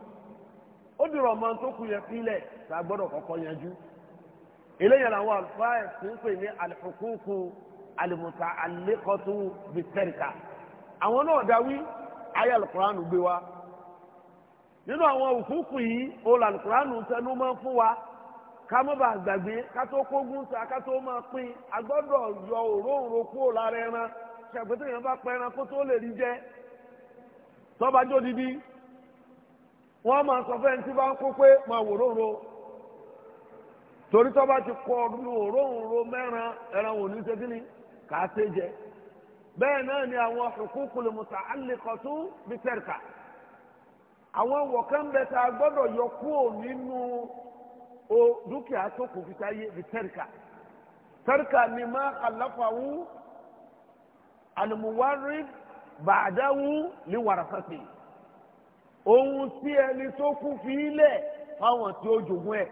ó dìrọ̀ ọmọ tó kù yẹn sílẹ̀ tá a gbọ́dọ̀ kọ́kọ́ yanjú eléyàn làwọn àlùfáà ẹ̀sìn pè ní àlùfùkúkú àlùmùtà àlékọ́tù bìtẹ́ríkà àwọn náà dáwí ayé alukuraanu gbé wa nínú àwọn òfúfú yìí olè alukuraanu tẹnu máa fún wa ká má bàa gbàgbé ká tó kógun sa ká tó máa pín agbọ́dọ̀ yọ òróǹro kúrò lára ẹran ṣàgbétẹ̀yìn bá pẹ́ ẹran kó tó lè rí jẹ tọ́ba didi wọ́n máa sọ fẹ́ tí bá ń kó pé máa wò róńro torí tó bá ti kọ lu òróǹro mẹ́ran ẹran wò ní sẹ́kínì kà á sé jẹ bẹ́ẹ̀ náà ni àwọn hukukul muta'alliqatu bitẹ́rìkà àwọn wọ̀kẹ́ ń bẹ tá a gbọ́dọ̀ yọ kúrò nínú o dúkìá tó kù fi sáyé bitẹ́rìkà tẹ́rìkà ni má àlàfàwù àlùmùwárí bàdáwù ní wàràfàtì. ohun tí ẹni tó kú fi ilẹ̀ fáwọn tí ó jogún ẹ̀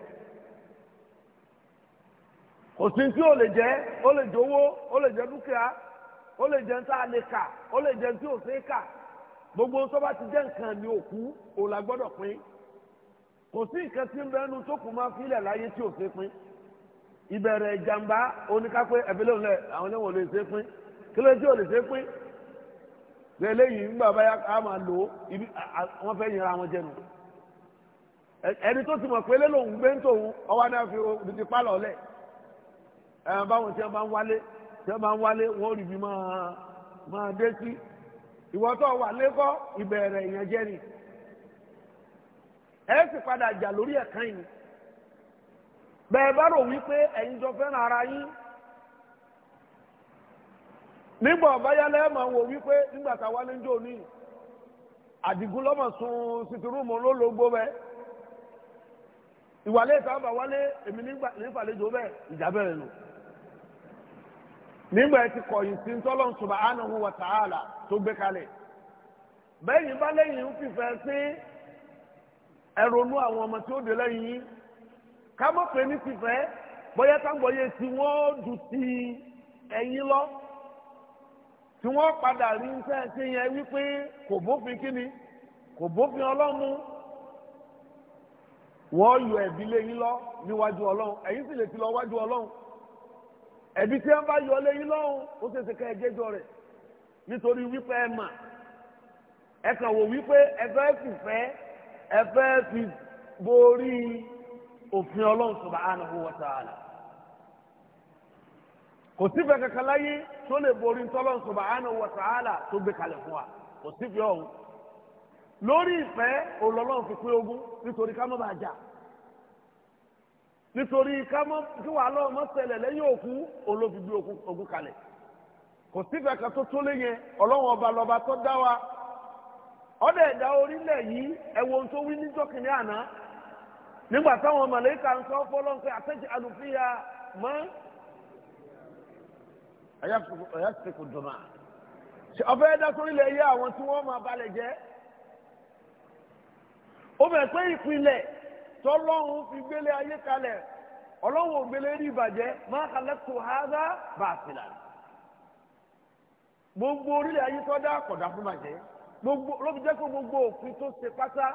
kò tí ó lè jẹ́ ó lè jẹ́ ó lè jẹ́ dúkìá ó lè jẹ́ nta lè kà ó lè jẹ́ tí ó kà gbogbo tó ti jẹ́ nǹkan ni òkú òun la gbọ́dọ̀ pín kò sí nǹkan tí ń bẹ ẹnu tó kù máa fi ilẹ̀ láyé tí ò pín ìbẹ̀rẹ̀ ìjàmbá oníkápẹ́ òun lẹ̀ àwọn ẹlẹ́wọ̀n lè pín kí ló lẹ́lẹ́yìn ńgbà báyà á máa lò ibi wọ́n fẹ́ yẹra wọn jẹ́nu ẹni tó ti mọ̀ pé lé gbé ń tòun ọwọ́ náà fi òdìdí pálọ̀ lẹ̀ ẹ̀rọ báwọn tí wọ́n bá ń wálé tí wọ́n bá ń wálé wọ́n rí bí máa dé sí ìwọ wà lẹ́kọ́ ìbẹ̀rẹ̀ ìyẹn jẹ́ ni ẹ sì padà jọ fẹ́ràn ara yín nígbà ọ̀báyá lẹ́ẹ̀mọ̀ wò wípé nígbà tá a wá lẹ́jọ́ àdìgún lọ́mọ̀ sun sitirúùmù lólobó bẹ́ẹ̀ ìwàlẹ́ ọba wálé èmi nífàlejò bẹ́ẹ̀ ìjà bẹ̀rẹ̀ nù nígbà ẹ ti kọ̀yìn sí tọ́lọ́n subhanahu wa ta'ala tó gbé kalẹ̀ bẹ́ẹ̀ yìí bá lẹ́yìn ń fìfẹ́ sí ẹ̀rọ̀nú àwọn ọmọ tí ó dé lẹ́yìn ká mọ̀ dù tí wọ́n padà rí iṣẹ́ ṣe yẹn wípé kò bófin kíni kò bófin ọlọ́mu wọ́n yọ ẹ̀bí léyìn lọ níwájú ọlọ́run ẹ̀yin sì lè ti lọ wájú ọlọ́run ẹ̀bí tí wọ́n bá yọ léyìn lọ́run ó ṣe é ṣe ká ẹgẹ́jọ rẹ̀ nítorí wípé ẹ mà ẹ kàn wò wípé ẹ fẹ́ fi fẹ́ ẹ fẹ́ fi borí òfin ọlọ́run subhanahu wa ta'ala. kò sífẹ̀ẹ́ kankan láyé tó lè borí ntọ́lọ́n subhanahu wata ta'ala tó gbé kalẹ̀ fún wa kò sífẹ̀ẹ́ ọ̀hún lórí ìfẹ́ òlọ́lọ́n fi pé ogún nítorí ká má jà nítorí ká má kí wàá lọ́wọ́ lẹ́yìn òkú olóbi ogún kalẹ̀ kò tó tó lé yẹn ọlọ́wọ́n ọba lọ́ba tó dá wa ọdẹ ẹ̀dá orílẹ̀ yìí ẹ̀wọ̀n tó wí níjọ́ kìnìún àná nígbà táwọn ń sọ ọ̀yà sèkù dùnà ọ̀fẹ́ dákúrílẹ̀ yé àwọn tí wọ́n máa balẹ̀ jẹ́ ó bẹ̀ pé ìpìlẹ̀ tọ́lọ́hún fi gbélé ayé kalẹ̀ ọlọ́wọ́ gbélé rí ìbàjẹ́ máa kalẹ̀ tó hádà bá a fìlà gbogbo orílẹ̀ ayé tó dá kọ̀dá fún bàjẹ́ gbogbo ló fi jẹ́ kó gbogbo òfin tó ṣe pátá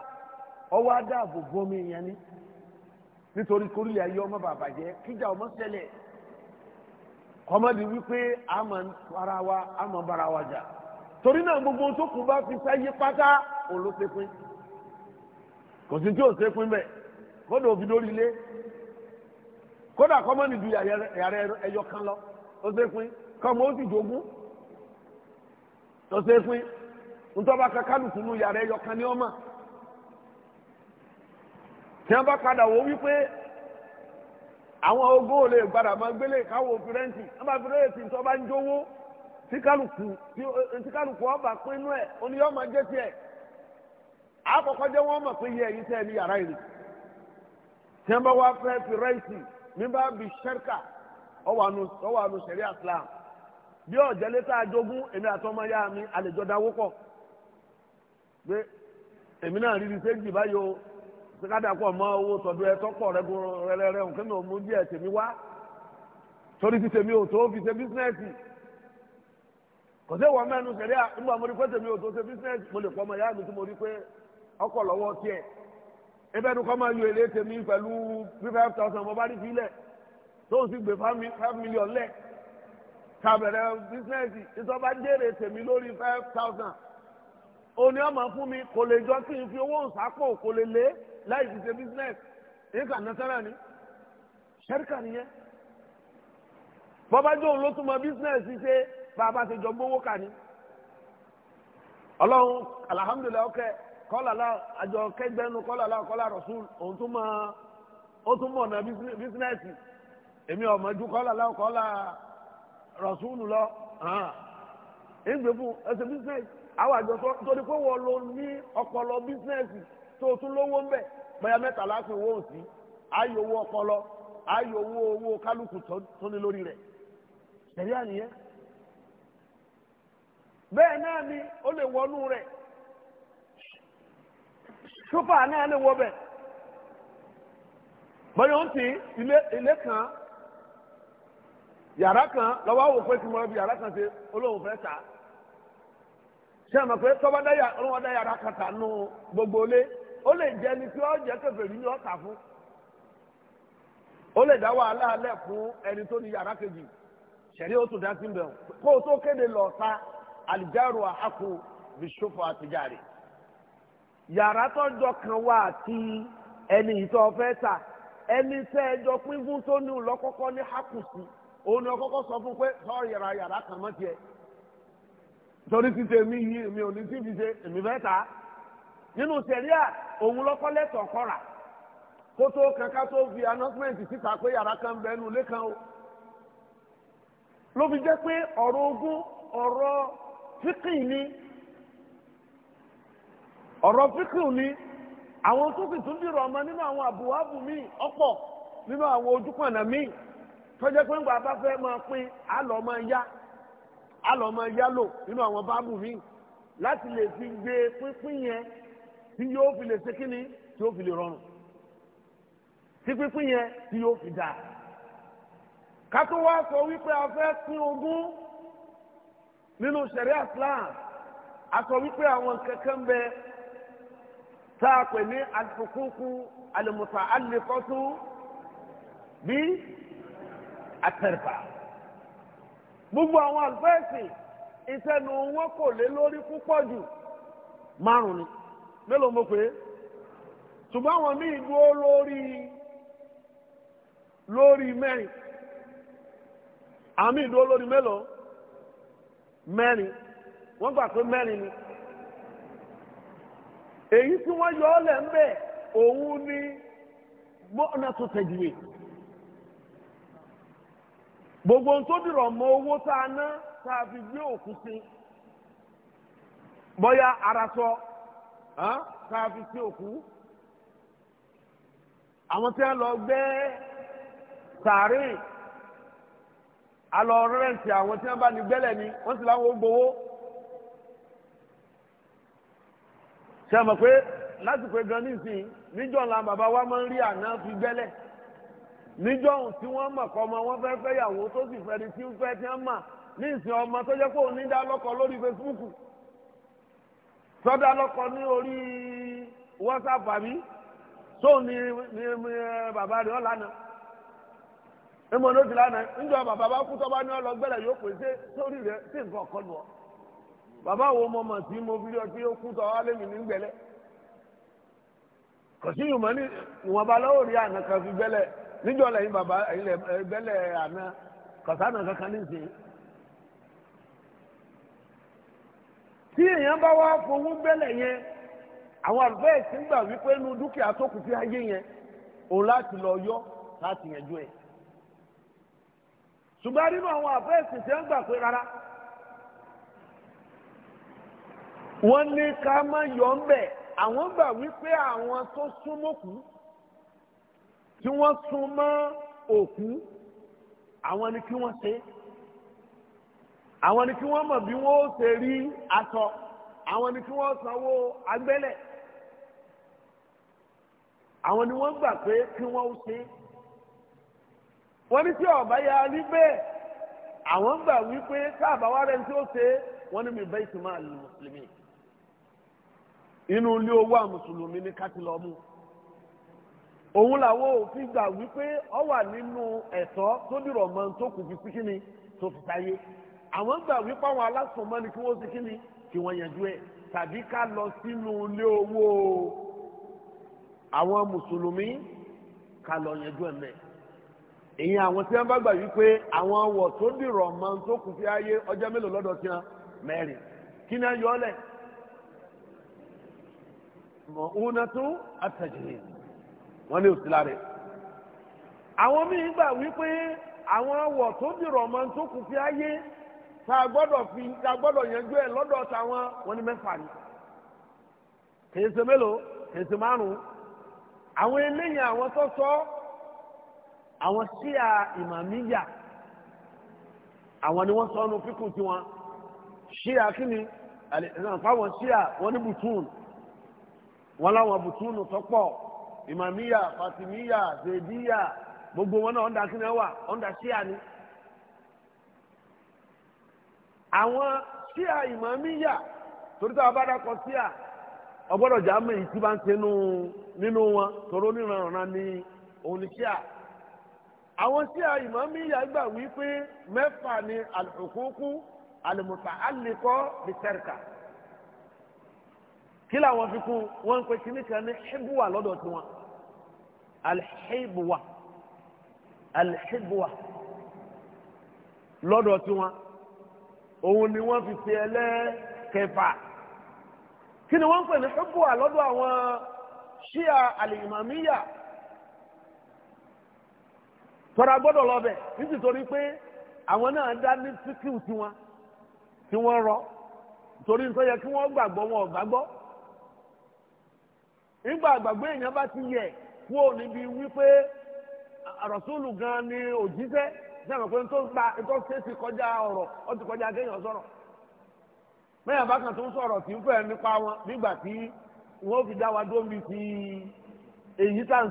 ọwọ́ adáàbò bomi yẹn ni nítorí kórílẹ̀ ayé ọmọ bàbàjẹ́ kíjà ọmọ ṣẹlẹ̀ kọ́mọ́dé wípé a máa wa a bara wa jà torí náà gbogbo tó kù bá fi sáyé pátá olóṣèpín kò sí tí ò ṣépín bẹ kódà òfin lórí ilé kódà kọ́mọ́dé ju yàrá ẹyọ kan lọ ó ṣépín kọmọ ó sì jogún ó ntọ́ba kunu yàrá ẹyọ kan ní ọmọ tí bá àwọn ogo ò lè gbàdà máa gbélé káwọn òfin rẹ́ǹtì wọ́n bá fi rẹ́ǹtì tó bá ń jówó ọba pinnu ẹ̀ oníyọ́ máa jẹ́ tiẹ̀ àkọ́kọ́ jẹ́ wọ́n mọ̀ pé yẹ ẹ̀yin tẹ́ ẹ ní yàrá tí wọ́n bá wá fẹ́ fi rẹ́ǹtì bá bi ṣẹ́ríkà ọwọ́ àánú ṣẹ̀rí àsìlám bí ọ̀jẹ́ létà àjogún èmi mi àlejò sikada kọ mọ owó sọdọ ẹ tọpọ rẹ mú tèmi wá torí ti fi ṣe bísínẹsì kò sí ìwọ mẹnu sẹrí à mo rí pé tèmi ò tó ṣe bísínẹsì ọkọ lọwọ ebe nu kọ máa yọ èlé tèmi five thousand mo bá rí filẹ tó o sì gbé five million lẹ bísínẹsì five thousand òní ọmọ fún mi kò lè jọ kí n láì fi ṣe business èyí kà nasara ni ṣẹ́ríkà nìyẹn bọ́bá jóun ló tún mọ business ṣe bàbá jọ gbówó kà ọlọ́run alhamdulilayi ọkẹ kọ́làlá àjọ kẹgbẹ́nu kọ́làlá kọ́là rọ̀ṣùn òun tún mọ ó tún mọ̀ ọ̀nà business èmi ọ̀mọ̀ ju kọ́làlá kọ́là rọ̀ṣùn lọ ìgbẹ́fún ẹsẹ̀ business àwọn pé wọ́n lo ní tó o tún lówó ń bóyá mẹ́ta láàpin òsì owó ọpọlọ ayé owó owó kálukú tó ní lórí rẹ̀ ṣẹ̀rí àníyẹ́ bẹ́ẹ̀ náà ni ó lè wọnú rẹ̀ ṣúfà náà lè wọ kan yàrá kan lọ́wọ́ àwọn òpin kan ṣe olóhùn ta ṣé pé dá yàrá gbogbo ó lè jẹ ni tí ó jẹ́ kèfèrí ni ó fún ó lè dá wàhálà alẹ fún ẹni tó ní yàrá kejì ṣẹ̀rí ó tún dá sí bẹ̀rù kó o tó kéde lọ ta àlìjáàrò àhàkù bìṣọ́fọ̀ àtijàre yàrá tọjọ kan wà àti ẹni ìtọ́ fẹ ta ẹni tẹ́ ẹjọ pín fún tó ní lọ́kọ́kọ́ ní hàkù sí òun ni ọkọ́kọ́ sọ fún pé sọ́ọ̀rì yàrá yàrá kan mọ́ tiẹ̀ torí ti tèmi yìí èmi ò ní tí fi ṣe èmi fẹ́ ta nínú sẹ̀ríà òun lọ́kọ́ lẹ́tọ̀ọ́ kọ́ra kó tó kankan tó fi announcement síta pé yàrá kan bẹ́ẹ̀ nu ilé kan o ló fi jẹ́ pé ọ̀rọ̀ ogún ọ̀rọ̀ fíkì ni ọ̀rọ̀ fíkì ni àwọn tó sì tún dìrọ̀ ọmọ nínú àwọn àbùwábù míì ọ̀pọ̀ nínú àwọn ojúpọ̀nà míì tọ́jẹ́ pé ńgbà bá fẹ́ máa pín àlọ́ máa yá àlọ́ máa yá lò nínú àwọn báàbù míì láti lè fi gbé pínpín yẹn tí yóò fi lè ṣe kíni tí yóò fi lè rọrùn tí pínpín yẹn tí yóò fi dáa ká tó wá sọ wípé a fẹ́ pín ogún nínú sẹ̀ríà Islam a sọ wípé àwọn kẹ̀kẹ́ ń bẹ tá a pè ní al-huququ al bí at gbogbo àwọn àlùfẹ́ẹ̀sì ìtẹnu wọn kò lé lórí púpọ̀ jù márùn-ún ni. mélòó mo pè é ṣùgbọ́n àwọn míì dúró lórí lórí mẹ́rin àwọn dúró lórí mélòó mẹ́rin wọ́n ni èyí tí wọ́n yọ ọ́ lẹ̀ ń bẹ̀ ni mọ́nà tó gbogbo ohun tó dìrọ̀ owó tá a ná tá a fi gbé káàfi sí òkú àwọn tí wọ́n lọ gbé sàárè alọ rẹǹtì àwọn tí wọ́n bá ní gbẹ́lẹ̀ ni wọ́n sì láwọn ó gbowó ṣe mọ̀ pé lásìkò gan nísìnyí níjọ́ la bàbá wa máa ń rí àná fi gbẹ́lẹ̀ níjọ́ ohun tí wọ́n mọ̀ kọ́ ọmọ wọn fẹ́ fẹ́ yàwó tó sì fẹ́ ni tí ń fẹ́ tí wọ́n mà ní ìsìn ọmọ tó jẹ́ pé òun ní dá lọ́kọ lórí Facebook sọ́dá lọ́kọ ní orí whatsapp àbí tó ní bàbá rẹ̀ ọ̀la náà ìmọ̀ ló ti lánàá níjọ́ bàbá bá kú tọ́ba ní ọlọ́gbẹ́rẹ̀ yóò pèsè sórí rẹ̀ sí nǹkan ọ́ bàbá wo mo mọ̀ sí mo fi ó kú tọ́ ní kò sí ìmọ̀ ní lọ́wọ́ rí àná kan fi níjọ́ lẹ́yìn bàbá tí èèyàn bá wá fowó gbẹ́lẹ̀ yẹn àwọn àgbẹ̀ ẹ̀sìn gbà wípé inú dúkìá tó kù sí ayé yẹn òun láti lọ yọ láti yanjú ẹ̀ ṣùgbọ́n nínú àwọn àgbẹ̀ ẹ̀sìn tí wọ́n gbà pé rárá wọ́n ní ká má yọ ń bẹ̀ àwọn gbà wípé àwọn tó súnmọ́kù tí wọ́n súnmọ́ òkú àwọn ni kí wọ́n ṣe é àwọn ni kí wọ́n mọ̀ bí wọ́n ó ṣe rí aṣọ àwọn ni kí wọ́n sanwó agbẹ́lẹ̀ àwọn ni wọ́n gbà pé kí wọ́n ṣe wọ́n ní tí ọ̀bá ya níbẹ̀ àwọn gbà wípé káàbá wa rẹ̀ tí ó ṣe wọ́n ní mi bẹ́ ìtumọ̀ àlè mùsùlùmí inú ilé owó àmùsùlùmí ní kátìlọ́mù òun làwọn òfin gbà wípé ó wà nínú ẹ̀tọ́ tó dìrọ̀ mọ́ tó kù fi síkíni tó fi sáyé àwọn gbà wípé àwọn alásùnmọ́ ni kí wọ́n ti kí ni kí wọ́n yanjú ẹ̀ tàbí ká lọ sínú ilé owó àwọn mùsùlùmí ká lọ yanjú ẹ̀ mẹ́. èyí àwọn tí wọ́n bá gbà wípé àwọn ọwọ̀ tó dìrọ̀ mọ́ tó kù sí ayé ọjọ́ mélòó lọ́dọ̀ tí wọ́n mẹ́rin kí ni ayọ̀ ọ̀lẹ̀ mọ̀ òun náà tó àtẹ̀jẹ̀ wọ́n ní òsínlá rẹ̀ àwọn míì gbà wípé àwọn ọwọ̀ tó dìrọ̀ mọ́ tó kù sí ayé tá a gbọ́dọ̀ fi tá a gbọ́dọ̀ yanjú ẹ̀ lọ́dọ̀ táwọn wọn ni mẹ́fà ni kì í ṣe mélòó kì í ṣe márùn-ún àwọn eléyìí àwọn sọ́sọ́ àwọn ṣíà ìmàmíyà àwọn ni wọ́n sọ ọ́nù fíkùn tiwọn ṣíà kí ni àfáwọn ṣíà wọn ní bùtùn wọn láwọn bùtùn tọ́pọ̀ ìmàmíyà fatimiya zèdíyà gbogbo wọn náà ọ̀ndà kí ni wọ́n wà ọ̀ndà ṣíà ni àwọn ṣíà ìmọ̀míyà torí tá a bá dákọ̀ ṣíà ọgbọ́dọ̀ jà mọ̀ èyí tí bá ń ṣe nínú wọn torí onírànràn ni òun ni ṣíà àwọn ṣíà ìmọ̀míyà gbà wípé mẹ́fà ni al-huququ al-muta'alliqa bi-tarka kí làwọn fi kún wọn ń pè kíní kan ní ṣíbùwà lọ́dọ̀ tiwọn al-hibwa al-hibwa lọ́dọ̀ tiwọn. òun ni wọ́n fi ṣe ẹlẹ́kẹfà kí ni wọ́n ń pè ní ṣubú àlọ́dọ̀ àwọn ṣíà àlìmàmíyà tọ́ra gbọ́dọ̀ lọ́bẹ̀ nítorí pé àwọn náà dá ní síkìú tiwọn tí wọ́n rọ torí nǹkan yẹ kí wọ́n gbàgbọ́ wọn ò gbàgbọ́ nígbà àgbàgbọ́ èèyàn bá ti yẹ kúrò níbi wípé àròsúlù gan ni òjíṣẹ́ sẹ́wọ̀n pé tó gba tó ṣe kọjá ọ̀rọ̀ ó ti kọjá kéèyàn sọ̀rọ̀ mẹ́yà bá tó ń sọ̀rọ̀ tí ń fẹ́ nípa wọn nígbà tí wọ́n fi dá wa ti èyí tá à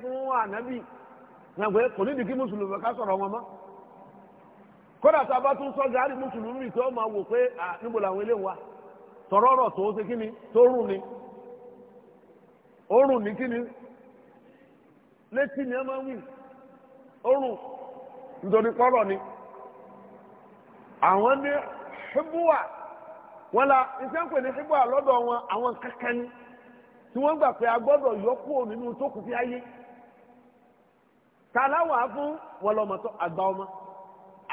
fún ànábì kò mùsùlùmí ká sọ̀rọ̀ wọn mọ́ kódà tá a bá tún sọ gàárì mùsùlùmí tí máa wò pé níbo làwọn létí ni ẹ máa oorun nítorí ni àwọn ní wala wọn la iṣẹ́ ń pè ní lọ́dọ̀ wọn àwọn kankan ni tí wọ́n gbà pé a gbọ́dọ̀ nínú tó kù ayé ta fún wọn lọ́mọ tó àgbà ọmọ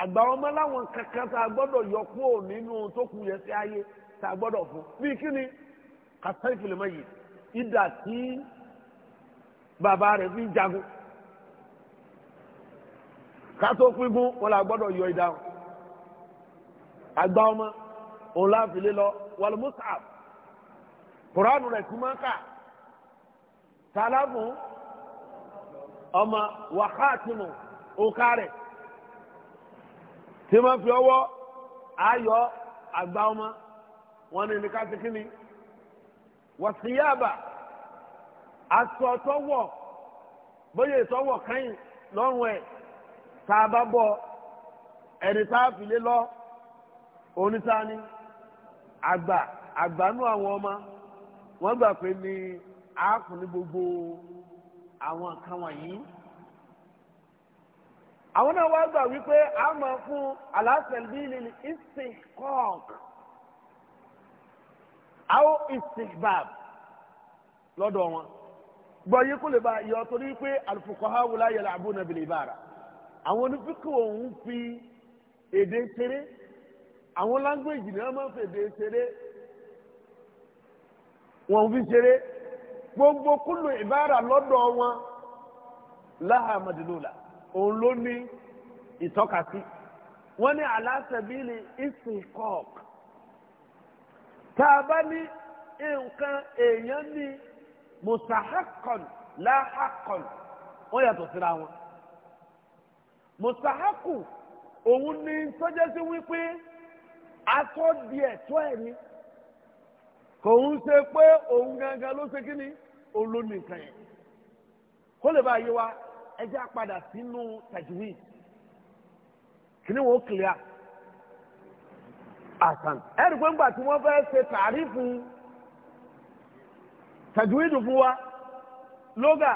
àgbà ọmọ láwọn kankan tá a gbọ́dọ̀ yọkúrò nínú tó kù yẹ sí ayé tá a gbọ́dọ̀ fún bí kí ni yìí ìdà tí. bàbá rẹ̀ fi jagun kátó pínpín wọn la gbọ́dọ̀ yọ ìdáhùn àgbà ọmọ òun láàfilé lọ wàlúmùsàb kùránù rẹ̀ kú máa ń kà tàlàfún ọmọ wàhátìmù òkà rẹ̀ tí wọ́n fi ọwọ́ ayọ̀ àgbà ọmọ wọn ni ní ká ti kí ni wàsíyàbà aṣọ tọwọ bóyá ìtọwọ kẹyìn lọrùn ẹ tá a bá bọ ẹni tá a fi lé lọ onítàní àgbà àgbànú àwọn ọmọ wọn gbà pé ní àákùn ní gbogbo àwọn nǹkan wọ̀nyí àwọn náà wá gbà wípé a máa fún aláṣẹ̀lbílì istikọ́ọ̀k àwọn istikbab lọ́dọ̀ wọn. gbọ́ yé kó lè ba yọ torí pé al-fuqaha àwọn fi èdè ṣeré àwọn lágbèjì ni wọ́n máa ń fi èdè ṣeré wọ́n fi ṣeré gbogbo kúlù ìbára lọ́dọ̀ wọn láha madinola òun ló ní ìtọ́kasí wọ́n ní aláṣẹ́bílì tá a bá ní nǹkan èèyàn mùsàhákàn láhàkàn wọ́n yàtọ̀ síra wọn. mùsàhákù òun ni sí wípé aṣọ díẹ̀ tó ni kò ń ṣe pé òun gangan ló ṣe kí ni yẹn kó lè bá yé wa ẹ àpadà sínú tajwid ó àtàn pé ńgbà tajwidu fún wa lóga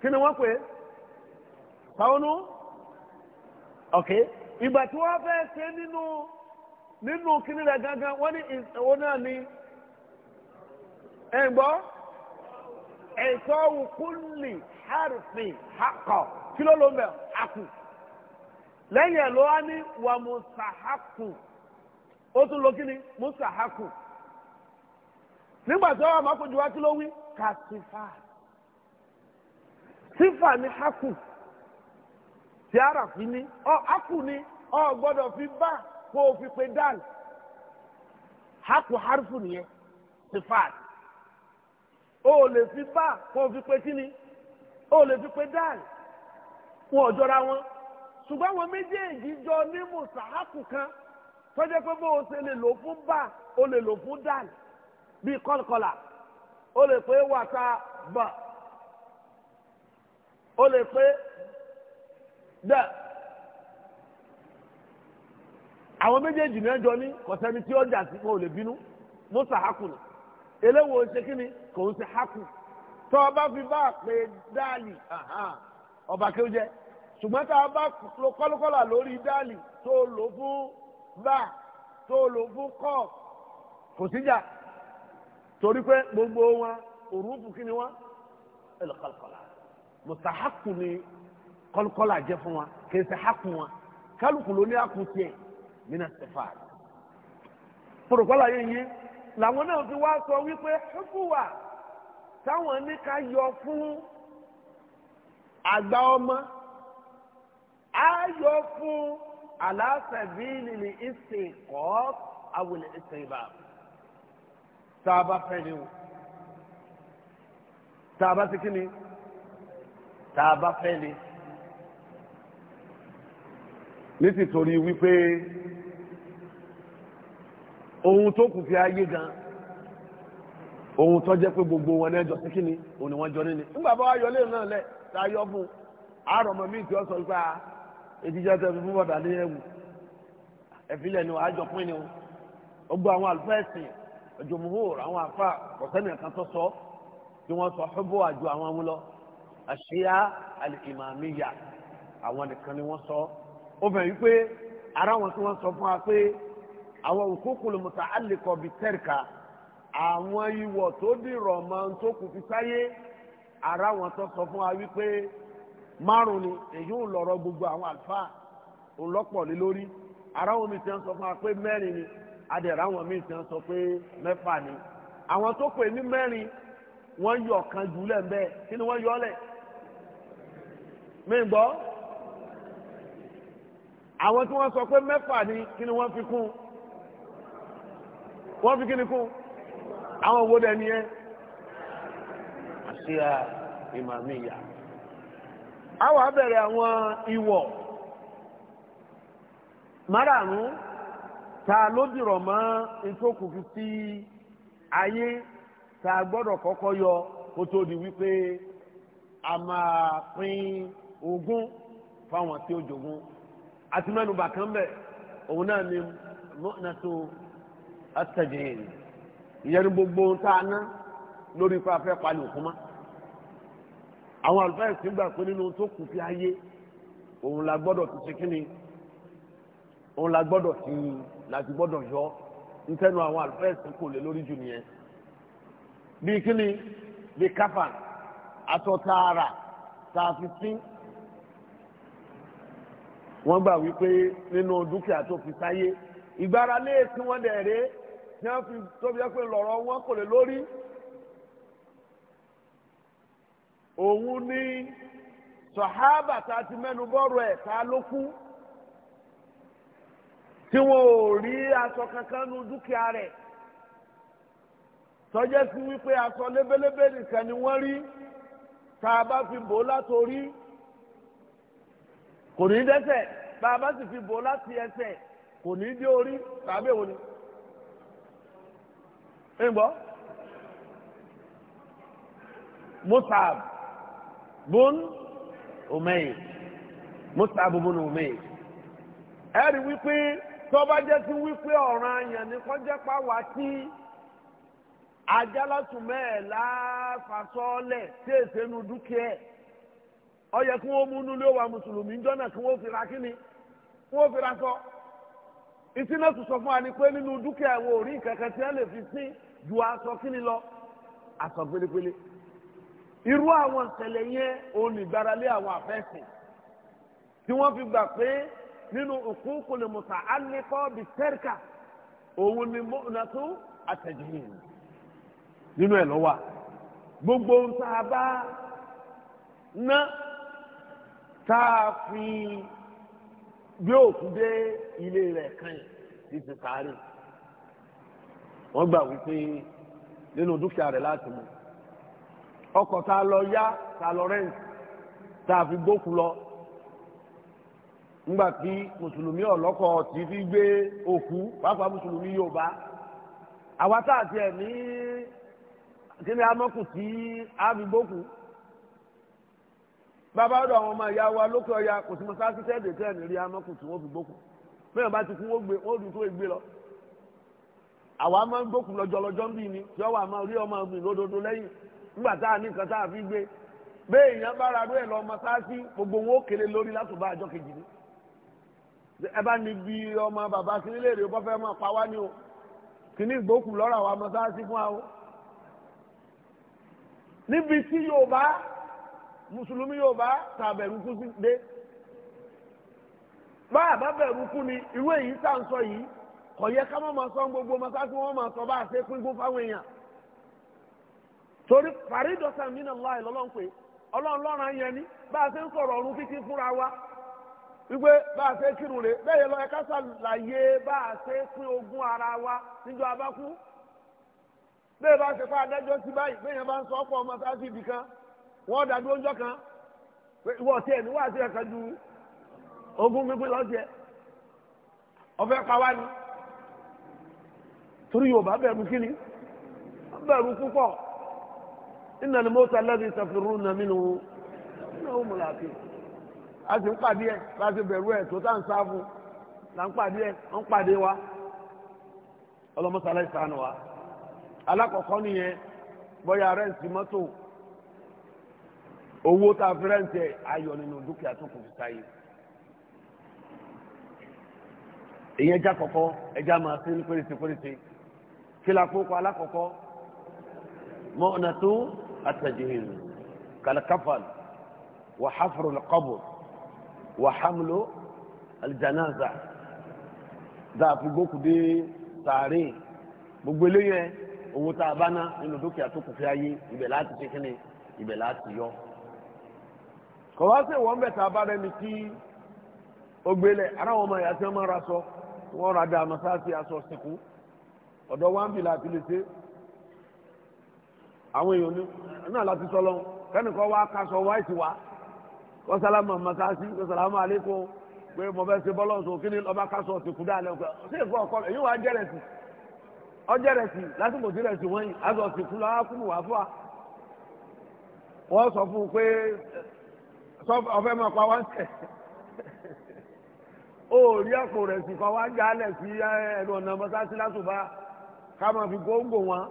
kí ni wọ́n pè sáwọnú ok ìgbà tí wọ́n fẹ́ ṣe nínú nínú kíní rẹ̀ gangan wọ́n ní ìṣòwò náà ni ẹ̀gbọ́ ẹ̀sọ́ òkúlì hàrùfì hakọ̀ kí ló ló ń bẹ̀ hakù lẹ́yìn ẹ̀ ló wá ní wà mùsàhákù ó tún lo kíni mùsàhákù. nígbà tí wọn máa fojú wa kí ló wí ká sífà sífà ní hakù tí ara fi ní ọ hakù ní ọ gbọ́dọ̀ fi bá kó o fi pe dal hakù harfu nìyẹn sífà o lè fi bá kó o fi pe kíni o lè fi pe dal wọn ò jọra wọn ṣùgbọ́n àwọn méjèèjì jọ ní mùsàhákù kan tọ́jẹ́ pé bó o ṣe lè lò fún bá o lè lò fún dal bíi kọ́lkọ́là ó lè pé wàtá bà ó lè pé dẹ́ àwọn méjèèjì ní ẹjọ́ ní kọ̀sẹ́ni tí ó jà sí wọn ò lè bínú mọ́tà hákùnù eléwo ṣe kí ni kò ń ṣe hákù tó ọba fi bá pé dáàlì ọba kí ó jẹ ṣùgbọ́n tá a bá lo kọ́lọ́kọ́là lórí dáàlì tó lò fún bá tó lò fún kọ́ kò síjà torí pé gbogbo wọn òrùfù kí ni wọn ẹlò kọlkọlà mùsàhákù ni kọlkọlà jẹ fún wa kì í ṣe hákù wọn kálukú ló ní àkù tiẹ̀ nínú ẹsẹfà pòròkọlà yẹn yé làwọn náà fi wá sọ wípé ṣùkú wà táwọn ní ká yọ fún àgbà ọmọ á yọ fún aláṣẹ bíi nìyí ìsìn kọ́ àwòlẹ̀ ìsìn ìbàbọ̀ tá a bá fẹ́ ni o tá a bá ti kí ni tá a bá fẹ́ ni nítìtorí wípé ohun tó kù fi ayé gan ohun tó jẹ́ pé gbogbo wọn náà sí kí ni òun ni wọ́n jọ nínú nígbà bá wá yọ lẹ́yìn náà lẹ̀ tá a yọ fún un àárọ̀ ọmọ mi tí ó sọ wípé a ètijọ́ tẹ fi fún bọ̀dà ní ẹ̀wù ẹ̀fílẹ̀ ni wàá jọ pín ni o ó àwọn àlùfáà ẹ̀sìn jumhur àwọn afa ọ̀sẹ́ni kan tó sọ tí wọ́n sọ hubu àjọ àwọn amúlọ àṣìyá alìmàmíyà àwọn nìkan ni wọ́n sọ ó bẹ̀rẹ̀ wípé ara wọn tí wọ́n sọ fún wa pé àwọn òkúkùlù muta'alliqo bitẹ́rìkà àwọn ìwọ̀ tó dìrọ̀ mọ́ tó kù fi sáyé ara wọn tó sọ fún wa wípé márùn ni èyí ń lọ̀rọ̀ gbogbo àwọn àlùfáà ń lé lórí ara wọn mi ti ń sọ fún wa pé mẹ́rin ni adẹ̀rẹ̀ àwọn míì ti ń sọ pé mẹ́fà ni àwọn tó pè ní mẹ́rin wọ́n yọ ọ̀kan jù lẹ̀ bẹ́ẹ̀ kí ni wọ́n yọ ọ́ lẹ̀ mí gbọ́ àwọn tí wọ́n sọ pé mẹ́fà ni kí ni wọ́n fi kún wọ́n fi kí ni kún àwọn wo dẹ̀ nìyẹn àṣìyà ìmàmíyà àwọn abẹ̀rẹ̀ àwọn ìwọ̀ márààrún ta ló dìrọ̀ mọ́ ntókùnfin sí ayé ta gbọ́dọ̀ kọ́kọ́ yọ kó tó di wípé a máa pín ogún fáwọn tí ó jogún àti mẹ́nubà kan bẹ̀ òun náà ni mọ́nàtò àtẹ̀jẹ̀yìn ìyẹn ní gbogbo ohun tá a ná lórí ipa fẹ́ palẹ̀ òkú mọ́ àwọn àlùfáà ẹ̀sìn gbà pé nínú tó kù fi ayé òun la gbọ́dọ̀ ti ṣe kí ni òun la gbọ́dọ̀ ti yìn láti gbọ́dọ̀ yọ ntẹnu àwọn àlùfẹ́ẹ̀sì kò lè lórí jù nìyẹn bíi kíni bíi káfàn aṣọ tààrà tààfi sí wọ́n gbà wípé nínú dúkìá tó fi sáyé ìgbára léèsì wọn dẹ̀ rèé tí wọ́n fi tóbi ẹ pé lọ́rọ̀ wọn kò lè lórí. òun ni sọ̀hábà tá a ti mẹ́nu bọ́ọ̀rọ̀ ẹ̀ tá a ló kú tí wọn ò rí aṣọ kankan nu dúkìá rẹ̀ tọ́jẹ́ sí wípé aṣọ lébélébé nìkan ni wọ́n rí tá a bá fi bò ó látòrí kò ní dẹ́sẹ̀ tá a bá sì fi bò ó láti ẹsẹ̀ kò ní dé orí tàbí èwo ni. ǹbọ́ Mus'ab bun Umayr Mus'ab bun Umayr ẹ̀rí wípé tọ́ba jẹ́ sí wípé ọ̀ràn àyàn ní kọjá pàwá tí ajálàtú mẹ́ẹ̀ẹ́lá fasọ́ọ́lẹ̀ tí èsè nu dúkìá ẹ̀ ó yẹ kí wọ́n mú inú ilé wa mùsùlùmí jọ́nà kí wọ́n fi ra kí ni kí wọ́n fi ra sọ. ìsinà tún sọ fún wa ni pé nínú dúkìá ẹ̀wọ̀n ò rí kankan tí wọ́n lè fi sí ju aṣọ kí lọ aṣọ pélépélé. irú àwọn ìṣẹ̀lẹ̀ yẹn òun ìgbáralé àwọn àfẹ́sìn tí wọ́n fi gbà pé nínú òkúkú lè mùtà áníkọ́ bí tẹ́ríkà òun ni mọ́nà tó àtẹ̀jìn nínú ẹ̀ lọ́wọ́ gbogbo ń tá a bá ná tá a fi bí òkú dé ilé rẹ̀ kan yìí ti sáré wọ́n gbà wípé nínú dúkìá rẹ̀ láti mú ọkọ̀ tá a lọ yá tá a lọ rẹ́ǹtì tá a fi gbókù lọ ńgbà tí mùsùlùmí ọ̀lọ́kọ̀ tí fi gbé òkú pàápàá mùsùlùmí Yorùbá àwa tá àti ẹ̀ ní kíni amọ́kù tí àbígbókù bàbá ọ̀dọ̀ àwọn ọmọ ìyá wa lókè ọ̀ya kò sí mọ́sáàsì tẹ́ẹ̀dẹ̀ tẹ́ẹ̀ ní rí amọ́kù tí wọ́n fi gbókù fẹ́ẹ̀ bá ti kú wọ́n gbé wọ́n dùn tó gbé lọ àwa máa ń gbókù lọ́jọ́lọ́jọ́ ń bì ní tí wọ́n wà máa rí ọmọ ọ̀gbìn lódodo lẹ́yìn nígbà tá a ní nǹkan fi gbé bẹ́ẹ̀ èèyàn bá ra rú ẹ̀ lọ mọ́sáàsì gbogbo wọn ó kéré lórí látùbá àjọ kejì ni ẹ bá ní bí ọmọ bàbá kìíní lè rí o bọ́ fẹ́ máa pa wá ní o kìíní ìgbókù lọ́rọ̀ àwọn mọ́sáàsì fún wa o níbi tí Yorùbá mùsùlùmí Yorùbá tàbẹ̀rù kú sí dé bá àbábẹ̀rù kú ni irú èyí tá à ń sọ yìí kò yẹ ká má máa sọ gbogbo mọ́sáàsì wọn máa sọ bá a ṣe pín fún fáwọn èèyàn torí fàrídọ̀sán mí náà láì lọ́lọ́ ń pè ọlọ́run lọ́ràn yẹn ni bá a ṣe ń sọ̀rọ̀ ọ̀run kíkí fúnra wa wípé bá a ṣe kírun rè bẹ́ẹ̀ lọ ẹ̀ka bá a ṣe pín ogún ara wa níjọ abákú bẹ́ẹ̀ bá a ṣe pa adájọ́ sí báyìí bẹ́ẹ̀ yẹn bá ń sọ ọ́pọ̀ kan wọ́n ńjọ́ kan ẹ̀ níwọ̀ àti ẹ̀ka ju ogún pínpín lọ́sí ẹ̀ ọ̀fẹ́ pa wá ni púpọ̀ a sì ń pàdé ẹ̀ a tó tá là ń pàdé ń pàdé wa ọlọ́mọsálá ìsànù wa alákọ̀ọ́kọ́ nìyẹn owó tá a fi rẹ́ǹtì ẹ̀ nínú dúkìá tó kù fi sáyé èyí ẹja kọ̀kọ́ ẹja máa sí ní péréte péréte kí la kó wà hamlo aljanaza dáàfi gbókùdé sàárè gbogbo eléyẹ owó tá a bá ná nínú dúkìá tó kù fi ayé ibẹ̀ láti ṣe kíni ibẹ̀ láti yọ kọ̀wáṣe wọ́n bẹ̀ tá a bá rẹni tí ó gbélé ara wọn máa yà tí wọ́n máa sọ wọ́n ra dá masáàsì aṣọ sìnkú ọ̀dọ̀ wọn bì láti lè ṣe àwọn èèyàn ní náà láti sọ lọ́wọ́ kẹ́nìkan wá kaṣọ wáìtì wá kọ́sálámù àmàkásí kọ́sálámù àlékún pé mo fẹ́ ṣe bọ́lọ̀ sọ kí ni ọba kásọ̀ ti kú dáa lẹ́kọ̀ọ́ ṣé ìfọ̀ ọkọ èyí wàá jẹ́rẹ̀ sí ọjẹ́rẹ̀ sí lásìkò tí rẹ̀ sí wọ́n yìí azọ̀ sì kú lọ́wọ́ kú wà fún wa. wọ́n sọ fún un pé ọfẹ́ máa pa wọ́n tẹ̀ ó rí àpò rẹ̀ sì kọ́ wá ń jálẹ̀ sí ẹnu ọ̀nà mọ́sáàsì lásùbà ká máa fi góńgò wọn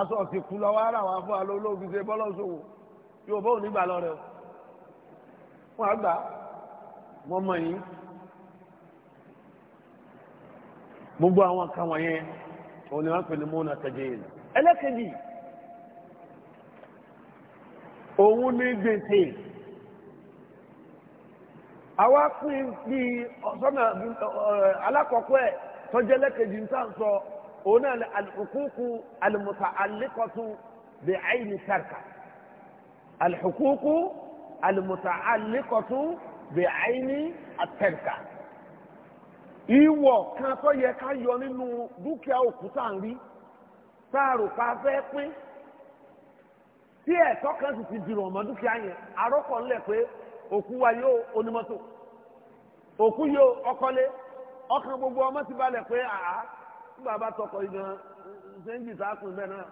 azọ̀ sì kú lọ́wọ́ ara wa fún wa lọ́wọ́ ṣe bọ́lọ̀ sòwò yóò bóun nígbà lọ rẹ̀ o fún àgbà wọ́n mọ̀ yín gbogbo àwọn kan wọ̀nyẹn òun ni wọ́n pè ní mọ́nà tẹ̀jẹ̀ yìí ẹlẹ́kẹ̀jì òun ní gbèsè àwa pín bí ọ̀sọ́nà alákọ̀ọ́kọ́ ẹ̀ tọ́jẹ́ ẹlẹ́kẹ̀jì ń tàn òun náà ní alùkúkú alùmùtà bẹ̀ àìní tàrkà alùkúkú. àlùmùtàálíkọ̀tù bẹ̀ẹ́ni àtẹ̀ǹkà ìwọ̀ kan tó yẹ ká yọ nínú dúkìá òkúta ń rí sáàrò pa fẹ́ pín tí ẹ̀tọ́ kan sì ti dìrò ọmọ dúkìá yẹn arọ́kọ̀ ńlẹ̀ pé òkú wa yóò onímọ́tò òkú yóò ọkọ́lé ọkàn gbogbo ọmọ ti balẹ̀ pé àá tọkọ ṣéǹjì bẹ́ẹ̀ náà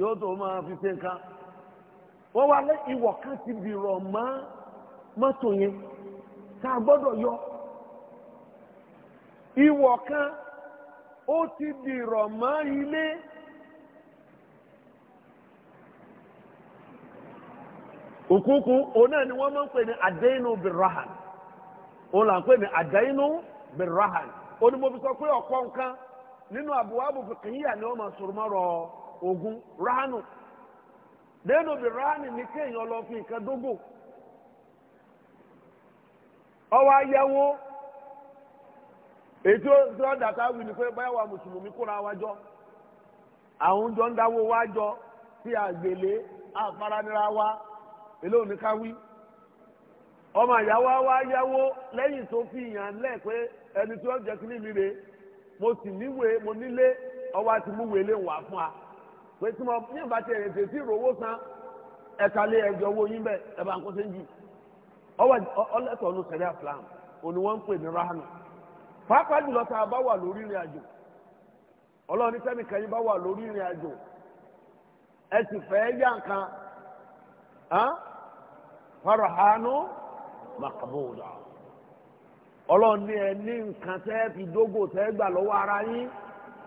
yóò tó máa wọ́n wá lé ìwọ̀ kan ti bìrọ̀ mọ́ mọ́tò yẹn a gbọ́dọ̀ yọ ìwọ̀ kan ó ti dìrọ̀ mọ́ ilé òkúkú òun náà ni wọ́n máa ń pè ní àdéhìnú bìrọ̀hàn òun là ń pè ní àdéhìnú bìrọ̀hàn òun ni mo fi sọ pé ọ̀pọ̀ nǹkan nínú ni wọ́n máa mọ́rọ̀ ogun rahanu lẹ́nu bìrání ní kéèyàn lọ fi nǹkan dógò ọwọ́ ayẹwo èyí tí ó dàtà wí ni pé báyọ̀ wa mùsùlùmí kóra wa jọ àwọn jọ ń dáwó wa jọ sí àgbèlé àfaranira wa èlé òní ká wí ọmọ àyàwó wa yáwó lẹ́yìn tó fi yàn lẹ́ pé ẹni tí ó jẹ́ kí ní mi rè mo sì níwèé mo nílé ọwọ́ àti múwèé lè wà fún wa. pé tí mo ní ìbá tiẹ̀ ètò tí san ẹ̀ka lé ẹ̀jọ̀ owó yín bẹ́ẹ̀ ẹ̀ ń kó séńjì ọlẹ́tọ̀ ọ̀nù sẹ̀rí àflam òní wọ́n ń pè ní rahanu pàápàá jùlọ tá a bá wà lórí ìrìn àjò ọlọ́ọ̀ni sẹ́mi kẹ́yìn bá wà lórí ìrìn àjò ẹ sì fẹ́ yá nǹkan farahanu ọlọ́ọ̀ni ẹ ní nǹkan tẹ́ fi dógò tẹ́ gbà lọ́wọ́ ara yín.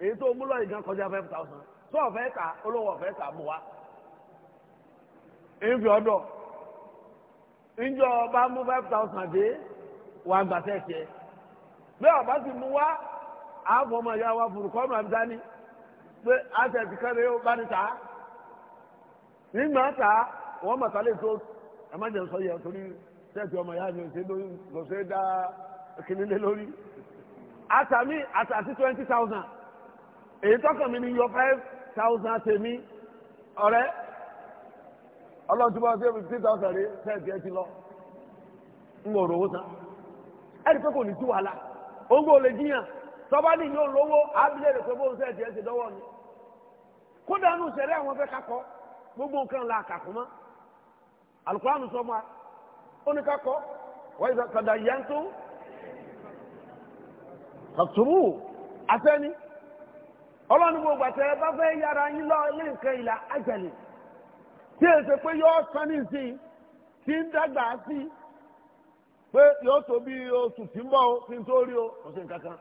èyí tó múlò ìgan kọjá five thousand tó ọ̀fẹ́ kà olówó ọ̀fẹ́ kà mú wa. ìfi ọdọ ìjọ bá mú five thousand dé wà gbàtẹ́ tiẹ̀ bí ọba ti mú wa àfọ̀ ọmọ ìyá wa furukọ́ ọmọ àbíta ni pé àtẹ̀tì kẹrin ó bá ní ta nígbà ta wọ́n mọ̀ta lè tó ẹ̀ má jẹ́ sọ yẹ torí sẹ́ẹ̀tì ọmọ ìyá mi ò ṣe lórí kò ṣe dá kìnìún lé lórí àtàmì àtàtì twenty thousand èyí tọ́kàn mi ni yọ five thousand tèmi ọ̀rẹ́ ọlọ́run tí wọ́n ṣe fifty thousand rẹ̀ sẹ́ẹ̀dì ẹ ti lọ ń wò rówó tán ẹ̀rí pé kò ní sí wàhálà ó ń gbọ́ lè jiyàn tọ́ba ní yóò lówó àbílẹ̀ rẹ̀ pé bóun sẹ́ẹ̀dì ẹ ti dọ́wọ́ mi kódà nù sẹ́rẹ́ àwọn fẹ́ kakọ́ gbogbo nǹkan la kàkọ́ mọ́ alukóranù sọ ma ó ní kakọ́ wáyé kàdà yẹn tó kàtúmù àfẹ́ni ọlọ́run gbogbo àtẹ bá fẹ́ yára yín lọ ilé nǹkan ìlà àjẹlẹ̀ tí èyí ṣe pé yóò sán ní ìsìn tí ń dàgbà sí pé yóò tó bí oṣù tí ń bọ̀ kí n tó rí o kò sí nǹkan kan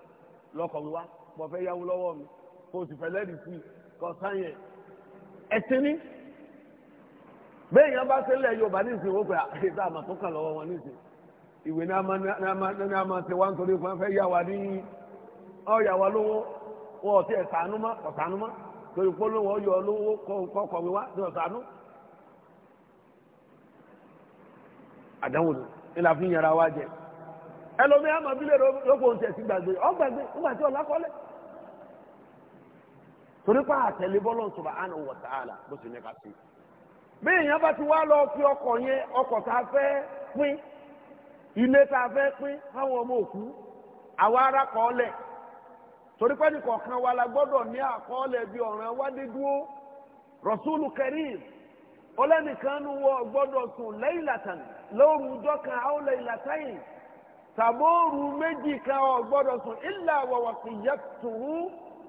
lọ́kọ̀ mi wá mo fẹ́ yáwó lọ́wọ́ mi kò sì fẹ́ lẹ́rìí sí i kò sán yẹn ẹ̀sìn ní bẹ́ẹ̀ yẹn bá sẹ́lẹ̀ Yorùbá ní ìsìn wọ́pẹ́ àìsàn àmà tó kàn lọ́wọ́ wọn ní ìsìn ìwé ní wọn ọtí ẹsànú mọ ọsànú mọ torí polówó ọyọ olówó kọkọwé wá ní ọsànú. àdánwò fi yàrá wa jẹ ẹlòmíì àmọ́ bílẹ̀ lóko ohun tẹ̀sí gbàgbé ọgbàgbé nígbà tí ọ̀la kọ́lẹ̀ torí pa àtẹ̀lé bọ́lọ̀ bó ti ní ká sí. bí èèyàn bá ti wá lọ fi ọkọ̀ yẹn ọkọ̀ tá a torí pé ní kọ̀ọ̀kan wa la gbọ́dọ̀ ní àkọọ́lẹ̀ bí ọ̀ràn wa dé dúró rasulu karim ọlẹ́nìkan nu wọ gbọ́dọ̀ sùn laylatan lóru dọ́kan aw laylatayn tàbóoru méjì kan ọ gbọ́dọ̀ sùn illa wa wasiyyatuhu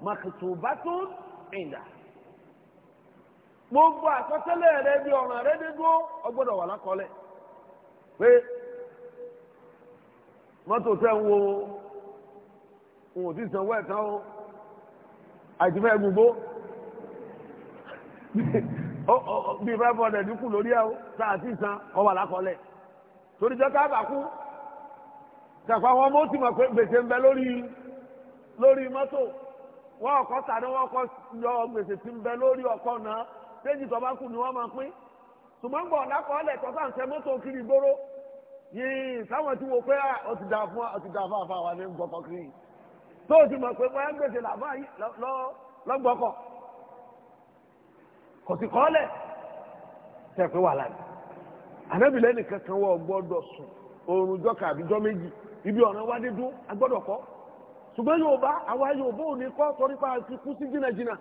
maktubatun inda gbogbo àsọtẹ́lẹ̀ rẹ bí ọ̀ràn rẹ dé dúró ọ gbọ́dọ̀ wà lákọọ́lẹ̀ pé mọ́tò tẹ́ ń wo n ò tí ì sanwó ẹ̀tàn o àti fẹ́ gbogbo bí five hundred kù lórí ẹ̀ o tá a ti san ọwọ́ àlákọ́lẹ̀ torí jẹ́ ká bàkú ṣàpá wọn mọ́ ti mọ̀ pé gbèsè ń bẹ lórí lórí mọ́tò wọn ọkọ̀ tàbí wọn ọkọ̀ yọ gbèsè ti ń bẹ lórí ọkọ̀ náà séjì tó bá kù ni wọ́n máa pín ṣùgbọ́n gbọ̀ lákọọ́lẹ̀ tó sàn ṣe mọ́tò kiri gbóró yìí sáwọn tí wo pé ah, ó ti dà fún àfa àfa wa ní gbọ́kọ̀ kiri tó o ti mọ̀ pé wọ́n á gbèsè làbá yìí lọ́gbọ́kọ̀ kò sì kọ́ lẹ̀ tẹ̀ pé ni ànábìlẹ̀ nìkan kan wọ́n gbọ́dọ̀ sùn oorun ibi ọ̀ràn wá dé dún agbọ́dọ̀ kọ́ ṣùgbọ́n Yorùbá àwa Yorùbá ò ní kọ́ pa àti kú sí jìnnàjìnnà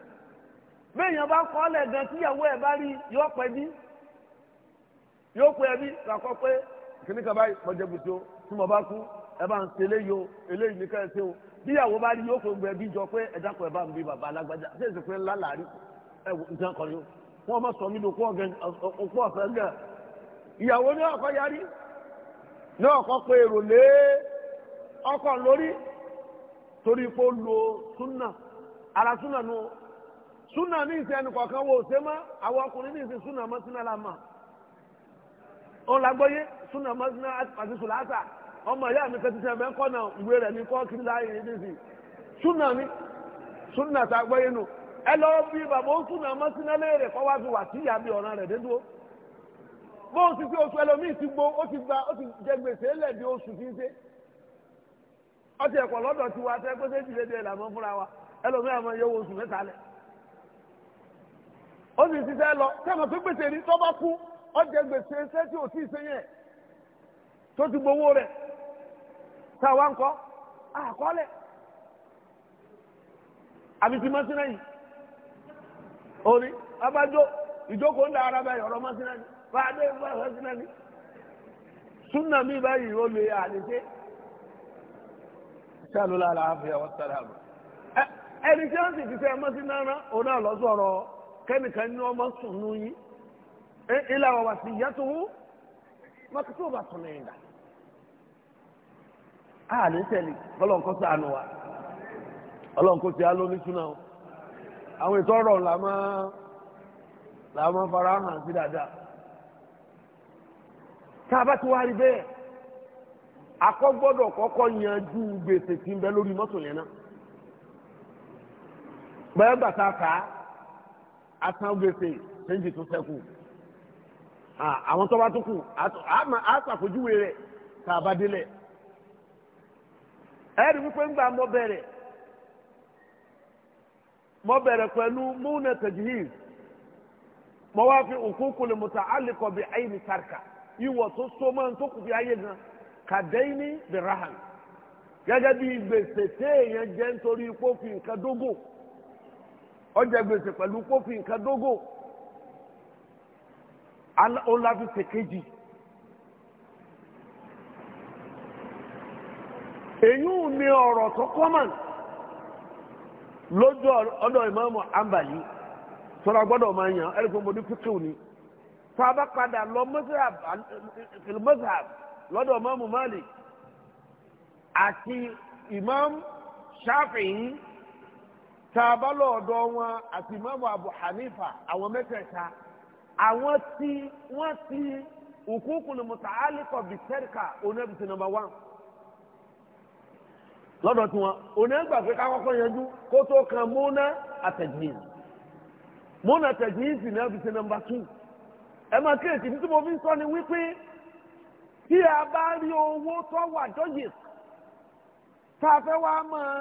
béèyàn bá kọ́ lẹ̀ gan ẹ̀ bá rí yóò pẹ́ bí yóò pẹ́ bí kàkọ́ pé kìnnìkan báyìí tí mo bá o eléyìí ẹ ṣe o bíyàwó bá rí yóò fún gbẹ bí jọ pé ẹ̀dá kan ẹ̀ bá bàbá alágbájá ṣé èsì pé ńlá làárí nǹkan kan sọ mí ní ọkọ yarí ní ọkọ pé èrò lé ọkọ lórí torí pé ó lo súnà ara súnà nu súnà ní ìsìn ẹnì kọ̀ọ̀kan wo ṣe mọ́ àwọn ọkùnrin ní ìsìn súnà mọ́ la súnà mọ́ súnà àti ọmọ ya mi kẹtí sẹ́fẹ̀ kọ́ náà kiri láàyè ní súnà tá a gbọ́ yín ẹ lọ bí bàbá ó súnà mọ́sínálé rẹ̀ kọ́ wá fi wà sí ọ̀ràn dédúró bó o ti fi oṣù ẹlòmíì ti gba ó ti jẹ gbèsè lẹ́ẹ̀dí oṣù tí ń ṣe ọtí ẹ̀kọ́ lọ́dọ̀ ti wá tẹ́ pé séjì fúnra wa ẹlòmíì àmọ́ iye owó oṣù mẹ́ta lẹ̀ ó sì ti fẹ́ lọ sẹ́wọ̀n tó gbèsè ní tọ́ bá kú jẹ gbèsè tá a nkọ ń kọ́ àkọọ́lẹ̀ yìí orí abájọ ìjókòó ń da ara bẹ́ẹ̀ ọ̀rọ̀ mọ́sínà ni bá a dé bá mọ́sínà ni súnà mi báyìí ó lè àlejò sálúlá àlàáfíà wọ́n sára bọ̀ ẹni tí wọ́n sì ti fẹ́ mọ́sínà rán òun náà kẹ́nìkan ní ọmọ sùn yín ilà sí bá a lè tẹ̀lé sànù wa ọlọ́run kò ti o àwọn ètò ọ̀rọ̀ la máa máa fara hàn sí dáadáa tá a bá ti wá rí bẹ́ẹ̀ akọ́ gbọ́dọ̀ kọ́kọ́ yanjú gbèsè tí ń bẹ lórí mọ́tò yẹn náà bẹ́ẹ̀ bàtà ká asan gbèsè tó sẹ́kù àwọn tó bá ẹ̀rí wípé ń gbà mọ bẹ̀rẹ̀ mọ bẹ̀rẹ̀ pẹ̀lú múnà tajhid mọ wá fi òkúkúlù mùtà alìkọ̀ bí àyìnì tàrkà ìwọ̀ tó so máa tó kù bí ayé gan kàdéyìní bí rahan gẹ́gẹ́ bí gbèsè téèyàn jẹ́ nítorí nǹkan dógò ọjà gbèsè pẹ̀lú nǹkan dógò èyí ò ní ọ̀rọ̀ tó kọ́mọ̀n lójú ọ̀dọ̀ ìmáàmù àǹbàlí sọ̀rọ̀ gbọ́dọ̀ máa yàn ẹ̀rí pé mo ní fíkì òní tá a bá padà lọ mọ́sáàb lọ́dọ̀ ìmáàmù Málíkì àti ìmáàmù Ṣáfi'í tá a wọn àti ìmáàmù Abu Hanifa àwọn mẹ́tẹ̀ẹ̀ta àwọn tí wọ́n ti òkúkùn mùtàálìkọ̀ bìtẹ́ríkà onábìtì nọ́mbà one lọ́dọ̀ tí wọn òní ẹgbà pé kákọ́kọ́ yanjú kó tó kan múná àtẹ̀jìnìsì múná àtẹ̀jìnìsì náà fi ṣe nọmba tù ẹ máa kéèkì títí mo fi sọ ni wípé tí a bá rí owó tó wà jọ́yè tá a fẹ́ wá máa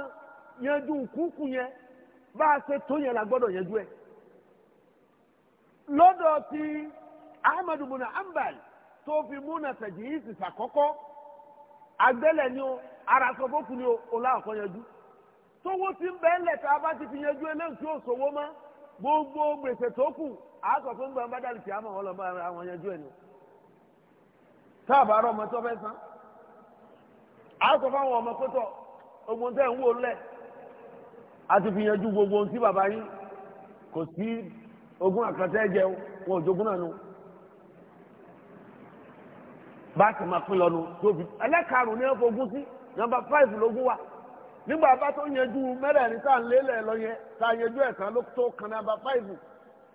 yanjú kúkú yẹn bá a ṣe tó yẹn la gbọ́dọ̀ yanjú ẹ̀ lọ́dọ̀ tí ahmadu muna ambal tó fi múná àtẹ̀jìnìsì sàkọ́kọ́ agbẹ́lẹ̀ ni ó. ara sọ fún kùnì ọlá àkọyẹjú tówó ti ń bẹ ń bá ti fi eléyìí ó mọ́ gbogbo gbèsè tó kù àásọ fún gbàmbá dàlù kí á mọ̀ àwọn ẹ̀ táàbà rọ ọmọ tó fẹ́ san fáwọn a ti fi gbogbo ohun tí bàbá yín kò sí wọn ò jogún náà bá a ti máa pín lọ tóbi ẹlẹ́karùn nọ́mbà five lógún wa nígbà bá tó yanjú mẹ́rẹ̀ẹ̀rin tá à ń lélẹ̀ lọ yẹn tá a yanjú ẹ̀ kan ló tó kan nọ́mbà five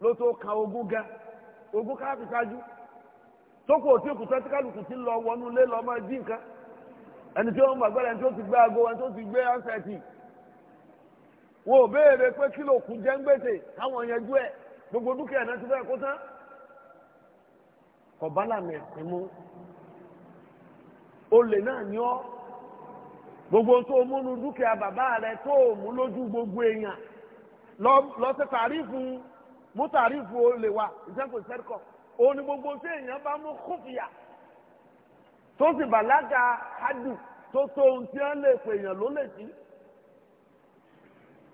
ló tó kan ogún gan ogún káàpì ṣáájú tó kù òtí òkùtọ́ tí kálukú ti lọ wọnú lé lọ máa dín nǹkan ẹni tí ó ń gbàgbọ́ ẹni tó ti gbé aago ẹni tó ti gbé ansẹ́tì wọn ò béèrè pé kí kù jẹ́ ń gbèsè káwọn yanjú ẹ̀ gbogbo dúkìá náà ti fẹ́ kó tán kọ̀bálàmẹ̀ ẹ̀mú olè náà ni ọ́ gbogbo tó o múnu dúkìá bàbá rẹ tó o mú lójú gbogbo èèyàn lọ sí tàrífù mú tàrífù ó lè wa ìjẹ́kù sẹ́ríkọ̀ òun ni gbogbo tí èèyàn bá mú kófìyà tó sì bàlágà hádùn tó tó ohun tí wọ́n lè pè èèyàn ló lè sí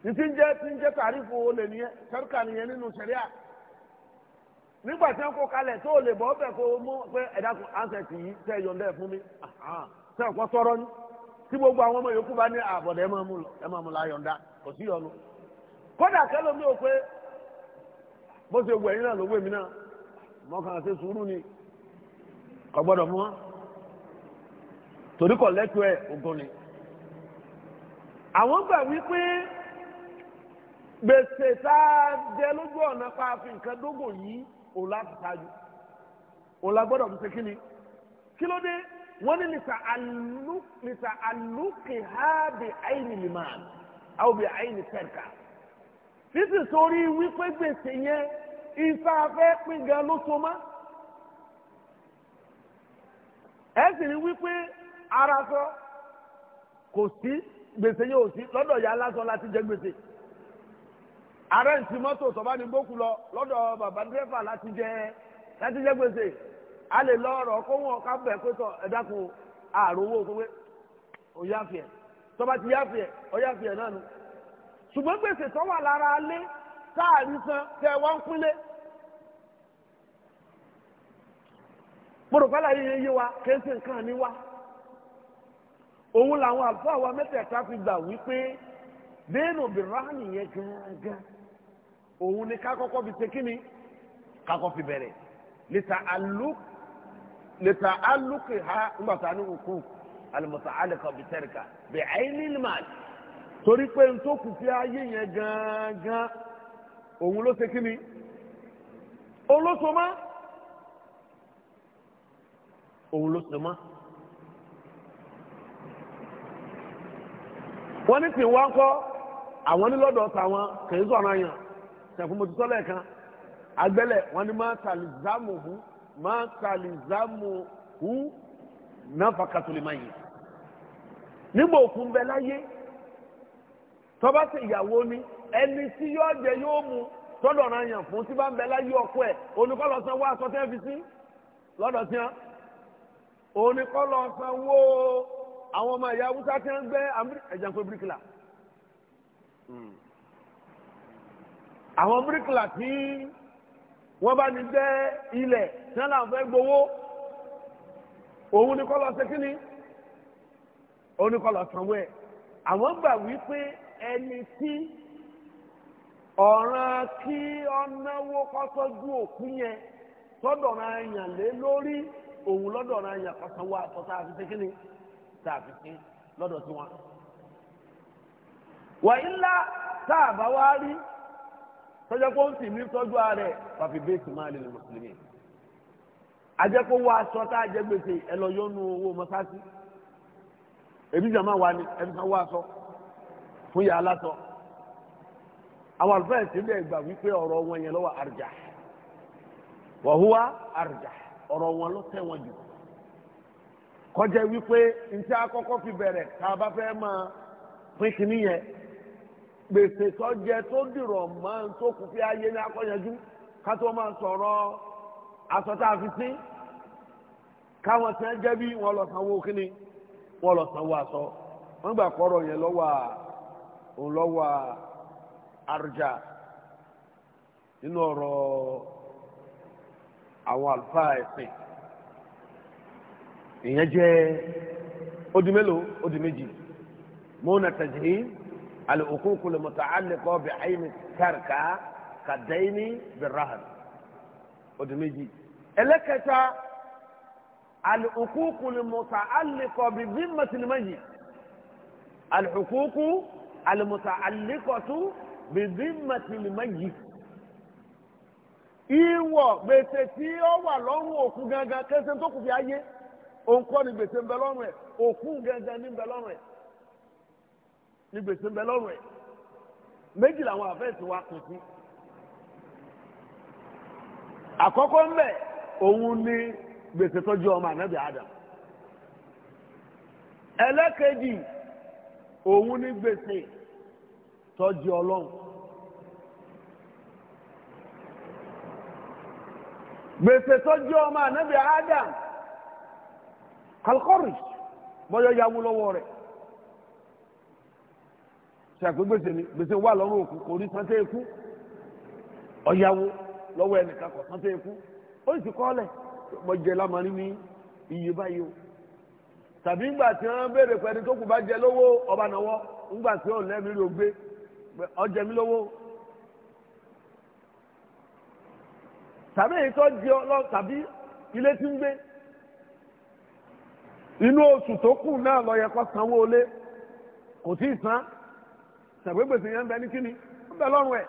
ìtí ń jẹ́ tí ń jẹ́ tàrífù ó lè nìyẹn sẹ́ríkà nìyẹn nínú sẹ́ríà nígbà tí wọ́n kó kalẹ̀ tó o lè bọ́ bẹ̀ kó o mú pé ẹ̀dá kan ánsẹ̀tì yìí tẹ́ ẹ̀ fún tí gbogbo àwọn ọmọ yòókù bá ní àbọ̀dẹ̀ ẹ máa mú láyọ̀ǹda kò sí ọ̀nu kódà kẹ́lò mi ò pé bó ṣe wù ẹ̀yin náà ló èmi náà mọ́kàn ṣe sùúrù ni kò gbọ́dọ̀ mú wọn torí kọ̀ lẹ́tọ̀ ẹ̀ ogun ni àwọn gbà wípé gbèsè tá a jẹ lójú ọ̀nà pa àfi nǹkan dógò yìí òun láti ṣáájú òun la gbọ́dọ̀ fi ṣe kí ni kí ló dé wọ́n ní lìtà àlùkì ha bi àyìn liman àwọn bi àyìn sẹ́ka títí sórí wípé gbèsè yẹn ifá fẹ́ pín gan ló so mọ́ ẹ sì ní wípé ara sọ kò sí gbèsè yẹn ò sí lọ́dọ̀ ya lásán láti jẹ gbèsè ààrẹ ntì mọ́tò tọ́ba ní gbókù lọ lọ́dọ̀ bàbá dírẹ́fà láti jẹ láti jẹ gbèsè. a lè lọ ọrọ kó wọn ká bẹ̀ pé tọ ẹ ààrùn owó tọba ti yàfẹ́ ọyàfẹ́ náà nu ṣùgbọ́n gbèsè lára alẹ sáàrí san tẹ ń pòròfálà yìí yé wa kéésì nǹkan ní wa òun làwọn fi gbà wípé yẹn gángan òun ni ká fi ṣe kíni ká leta alùkè ha nígbà tá a ní the àlùmọ̀tà torí pé n tó kù gangan wọ́n ní ń kọ́ àwọn nílọ́dọ̀ tàwọn kì í sọ̀rọ̀ yàn tẹ̀kùn mọ̀tò sọ́lẹ̀ kan agbẹ́lẹ̀ wọ́n ní máa máa kàlìzámù hu náfàkàtòlémáyé nígbà òkú bẹ láyé tọ́ba ṣe ìyàwó ni ẹni tí yóò jẹ yóò mu tọ́dọ̀ náà yàn fún tí bá ń bẹ láyé ọkọ ẹ̀ oníkọ́lọ́ san wá aṣọ tẹ́ fi sí lọ́dọ̀ tí wọ́n oníkọ́lọ́ san wó àwọn ọmọ ìyá haúsá tí wọ́n gbé ẹ̀jẹ̀ ń bíríkìlà hmm. àwọn bíríkìlà tí. wọ́n bá ní jẹ́ ilẹ̀ tí wọ́n láwọn fẹ́ gbowó òun ní kọ́ lọ sí kíní òun ní kọ́ sanwó ẹ̀ àwọn gbà wípé ẹni tí ọ̀ràn kí ọ̀nàwó kọ́sọ́jú òkú yẹn lé lórí òun tọ́jọ́ pé ó ń sì ní tọ́jú ààrẹ pàfi bẹ́ẹ̀sì máa lè lè mùsùlùmí. àjẹpọ̀ wọ aṣọ tá a jẹ gbèsè ẹ lọ yọnu owó mọ́sáàsì èmi jàmá wa ni ẹni kan wá aṣọ fún yà á lásọ. àwọn àlùfáà ẹ̀sìn bẹ́ẹ̀ gbà wípé ọ̀rọ̀ wọn yẹn lọ́wọ́ àrùjá wọ̀húwá àrùjá ọ̀rọ̀ wọn ló tẹ̀ wọn jù. kọjá wípé ntí akọ́kọ́ fi bẹ̀rẹ̀ tá a bá fẹ́ máa pín kínní yẹn gbèsè jẹ tó dìrọ̀ máa ń tó kù ayé ní akọ́yanjú ká tó máa sọ̀rọ̀ aṣọ tá a fi sí káwọn tí wọ́n jẹ́ bí wọ́n lọ sanwó kínní wọ́n lọ sanwó aṣọ wọ́n gbà kọ́rọ̀ yẹn lọ́wọ́ òun lọ́wọ́ àrùjà nínú ọ̀rọ̀ àwọn الحقوق المتعلقة بعين التركة كالدين بالرهن أدمجي إلكتا الحقوق المتعلقة بذمة المجد. الحقوق المتعلقة بذمة المجد. ìwọ gbèsè tí ó wà lọ́rùn òkú gangan kẹsẹ̀ tó kù fi ayé òǹkọ́ ni gbèsè ń bẹ lọ́rùn ẹ̀ òkú gangan ní ń bẹ lọ́rùn ẹ̀ ní gbèsè ń bẹ lọ́rùn ẹ̀ méjì làwọn àfẹ́sì wa kù sí. àkọ́kọ́ ń bẹ̀ òun ni gbèsè tọ́jú ọmọ ànábì Adam ẹlẹ́kejì òun ni gbèsè tọ́jú ọlọ́run. gbèsè tọ́jú ọmọ ànábì Adam kalkọ́rì bọ́yọ̀ yàwó lọ́wọ́ rẹ̀. ṣàpé gbèsè ni gbèsè wà lọ́rùn òkú kò ní sáńté ikú ọ̀yàwó lọ́wọ́ ẹnìkan kò sáńté ikú ó sì lẹ̀ mo jẹ lámarí ní iye báyìí o tàbí ngbà tí wọ́n béèrè pẹ̀lú tó kù bá jẹ lówó ọba náwó ńgbà tí ò lẹ́mìí rí o gbé ọjẹ mi lówó tàbí èyí tó di ọlọ́ tàbí ilé tí ń gbé inú oṣù tó kù náà lọ yẹ kó sanwó lé kò tí ì san. tàbí gbèsè yẹn ń bẹ ní kíni ń bẹ lọ́rùn ẹ̀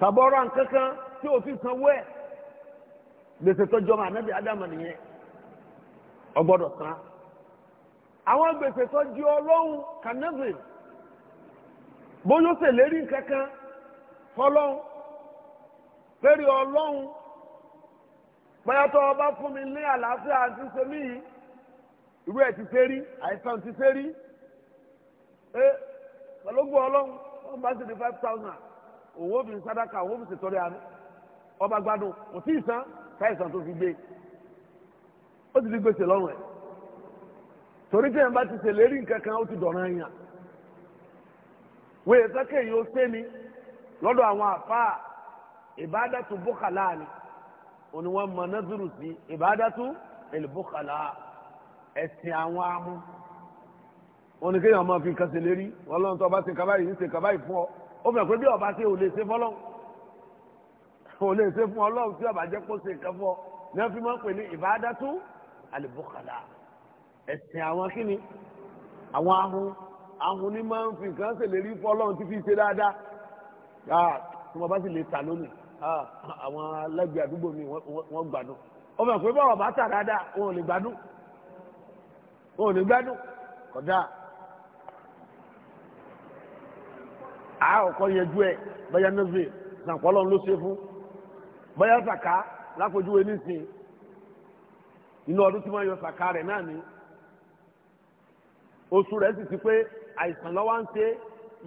tàbọ̀rọ̀ àǹkankan tí o fi sanwó ẹ̀ gbèsè tó jọmọ ànábì ádámù nìyẹn ọgbọ́dọ̀ san àwọn gbèsè tó di ọlọ́run kanẹ́sìn bóyá ṣèlérí kankan fọlọ́run fẹ́rí ọlọ́run pẹ́yàtọ̀ ọba fún mi ní àlàáfíà àti sẹ́mi yìí irú ẹ̀ ti fẹ́rí àìsàn ti fẹ́rí ẹ balógun ọlọ́run wọn bá ṣe five thousand òun ó fi sadaka òun ó fi ṣètọ́rẹ àánú ọba gbádùn kò tí ì san káìsàn tó fi gbé ó ti di gbèsè lọ́rùn ẹ̀ torí tí ẹ̀ bá ti ṣèlérí nǹkan kan ó ti dọ̀ràn ẹ̀yàn wọ́n yẹ sọ́kẹ́ yìí ó sẹ́ni lọ́dọ̀ àwọn àfáà ìbádàtú bókàlá ni òní wọ́n mọ̀ nẹ́sùrù sí ìbádàtú èlùbókàlá ẹ̀sìn àwọn amú òun ni kéèyàn máa fi nǹkan ṣe lérí ọlọ́run tó ọba ṣe nǹkan báyìí ń ṣe nǹkan báyìí fún ọ ó fẹ́ pé bí ọba ṣe ò lè ṣe fọlọ́run ò lè ṣe fún ọlọ́run tí ọba jẹ́ kó ṣe nǹkan fún ọ ní wọ́n fi máa ń pè ní ìbádátú àlìbọ́kàlà ẹ̀sìn àwọn kíni àwọn ahun ahun ni máa ń fi nǹkan ṣe lérí fún ọlọ́run tí fi ṣe dáadáa tí wọ́n bá sì lè tà lónìí àwọn alágbèé àdúgbò mi wọ́n gbádùn ó fẹ́ pé bọ́ọ̀ bá tà dáadáa wọn ò lè gbádùn àkọ́kọ́ yẹjú ẹ̀ bẹ́yà nọ́ọ̀sì sàǹkọ́lọ́ ló ṣe fún bẹ́yà sàká láfojúwe nísìn inú ọdún tí wọ́n yọ sàká rẹ̀ náà ni oṣù rẹ̀ sì ti pé àìsàn lọ́wọ́ ń ṣe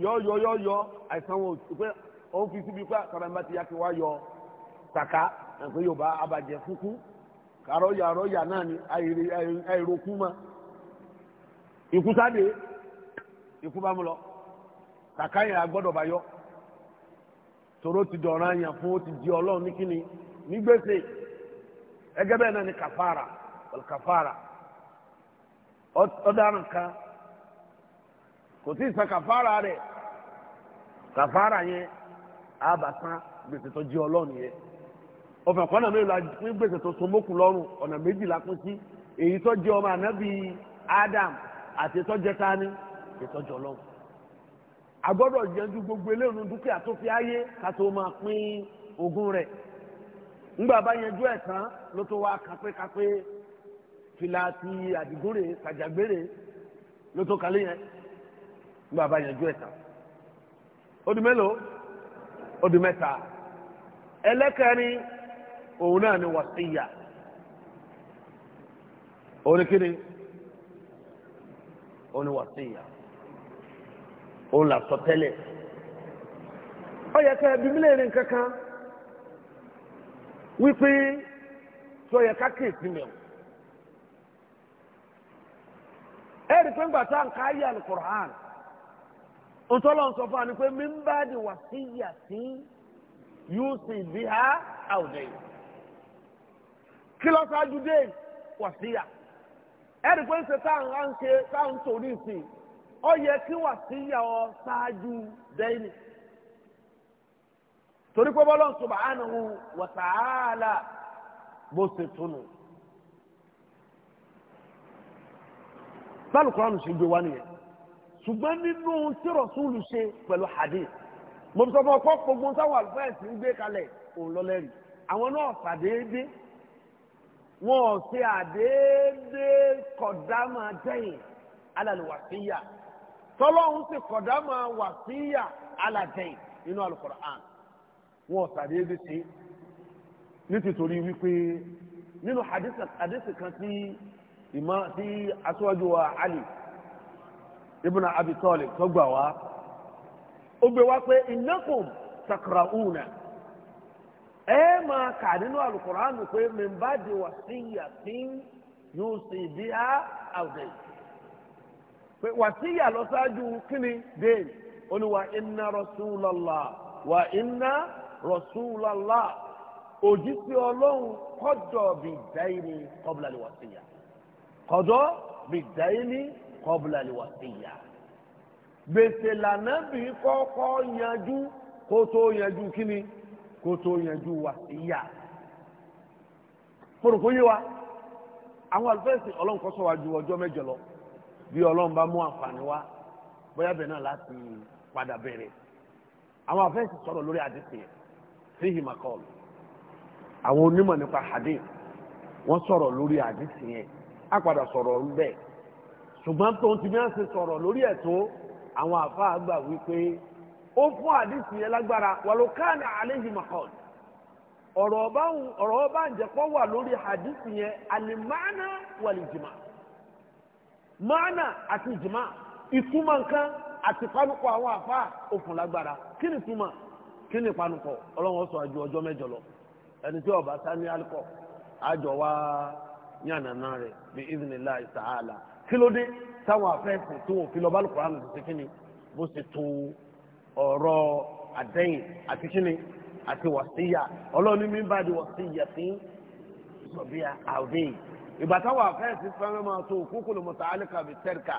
yọ́yọ́yọ́yọ́ àìsàn wọn ò ti pé òun fi síbi pé àtàràmbá ti yá kí wá yọ sàká ẹ̀fẹ́ yorùbá abàjẹ́ fúkú àrọ́yà àrọ́yà náà ni ìkúsáde ìkú bá lọ. kàkà yẹn agbọ́dọ̀ bá yọ tòró ti dọ̀ràn yẹn fún ó ti di ọlọ́run ní kíni ní gbèsè ẹgẹ́ bẹ́ẹ̀ náà ni kàfàrà kàfàrà ọ̀daràn kan kò tí ì san kàfàrà rẹ̀ kàfàrà yẹn àbàtàn gbèsè tó di ọlọ́run yẹn ọ̀fẹ́ kọ́nà mélòó la pín gbèsè tó so mókun lọ́rùn ọ̀nà méjì la pín sí èyí tó jẹ́ ọmọ ànábì Adam àti tó jẹ́ tani èyí tó ọlọ́run agbọ́dọ̀ yanjú gbogbo eléyìí dúkìá tó fi ayé ká tó máa pín ogún rẹ̀ ńgbà bá yanjú ẹ̀ tán ló tó wá kápékápé fìlà àti àdìgúnrè kàjàgbére ló tó kalẹ̀ yẹn ńgbà bá yanjú ẹ̀ tán mélòó ó di mẹ́ta òun náà ni wàsíyà òun ni kíni òun ni wàsíyà. Ọ na-asọpụlụ ya. Ọ ya efe, bibilen nkaka, wupili, so ọ ya kaka esi mịlị. Eriri mgbata nke a ya n'okpuru haa nọ. Ntọala ọsọfọ a n'ekwu, ndị mmadụ wa si ya si yoo si bi haa ahụdee. Kiloso Adudel wa si ya. Eriri nsensensensensensensensị. ó yẹ kí wà sí ìyàwó ṣáájú dẹ́yìn torí pé bọ́lá subhanahu wa ta'ala bó ṣe túnú. báàlù kọ́ránù ṣe gbé wá nìyẹn ṣùgbọ́n nínú tí Rasulu ṣe pẹ̀lú hadith mo sọ fún ọ gbogbo sáwọn àlùfáàsì ń gbé kalẹ̀ òun lọ́lẹ́rì àwọn náà ṣàdéédé wọn ò ṣe àdéédé kọ̀dámà dẹ́yìn alàlùwàsíyà tọ́lọ́hún sì kọ̀dá máa wà síyà aládẹ́yìn nínú alukur'an wọn ṣàdéédé ṣe ní nítorí wípé nínú kan tí ìmọ̀ tí wa ibn abi tó gbà wá ó gbé wá pé innakum takra'una ẹ máa kà nínú alukur'an pé min ba'di wasiyatin yusi pé wàsíyà lọ ṣáájú kíni dé olùwà iná rọṣúlọlá wà iná rọṣúlọlá òjísé ọlọ́run kọjọ bí dáìní kọbùlà lè wàsíyà kọjọ bí dáìní kọbùlà lè wàsíyà gbèsè lànà bí kọ́kọ́ yanjú kó tó yanjú kíni kó tó yanjú wàsíyà fúrùkú yé wa àwọn àlùfẹ́sì ọlọ́run kọ́ wájú ọjọ́ mẹ́jọ lọ bí ọlọ́run bá mú àǹfààní wá bóyá bẹ́ẹ̀ náà láti padà bẹ̀rẹ̀ àwọn afẹ́sì sọ̀rọ̀ lórí àdìsí yẹn fíhì makọ́l àwọn onímọ̀ nípa hadith wọ́n sọ̀rọ̀ lórí àdìsí yẹn á padà sọ̀rọ̀ ń bẹ̀ ṣùgbọ́n tóun ti bí wọ́n ṣe sọ̀rọ̀ lórí ẹ̀ tó àwọn àfa àgbà wípé ó fún àdìsí yẹn lágbára wàlúkánà àléhì makọ́l ọ̀rọ̀ ọba ń jẹ́pọ̀ wà lórí àdìsí yẹn àlìmánà wàlìjìmá maana àti ìjìmá ìtumọ̀ nǹkan àti ìpanupọ̀ àwọn àfa òkun lágbára kí ni ìtumọ̀ kí ni ìpanupọ̀ ọlọ́run sọ àjò ọba sani alikọ àjọ wa yànnàná rẹ bí ìdìnnìlá ìsàhálà kí ló dé táwọn afẹ́sìn tí wọn fi lọ bá Al-Qur'an ti kí ni bó ṣe tó ọ̀rọ̀ àdẹ́yìn àti kí ni àti ìgbà táwọn afẹ́ẹ̀sì fẹ́ràn máa tó òkúkúlù mọ̀tàálìkà bìtẹ́ríkà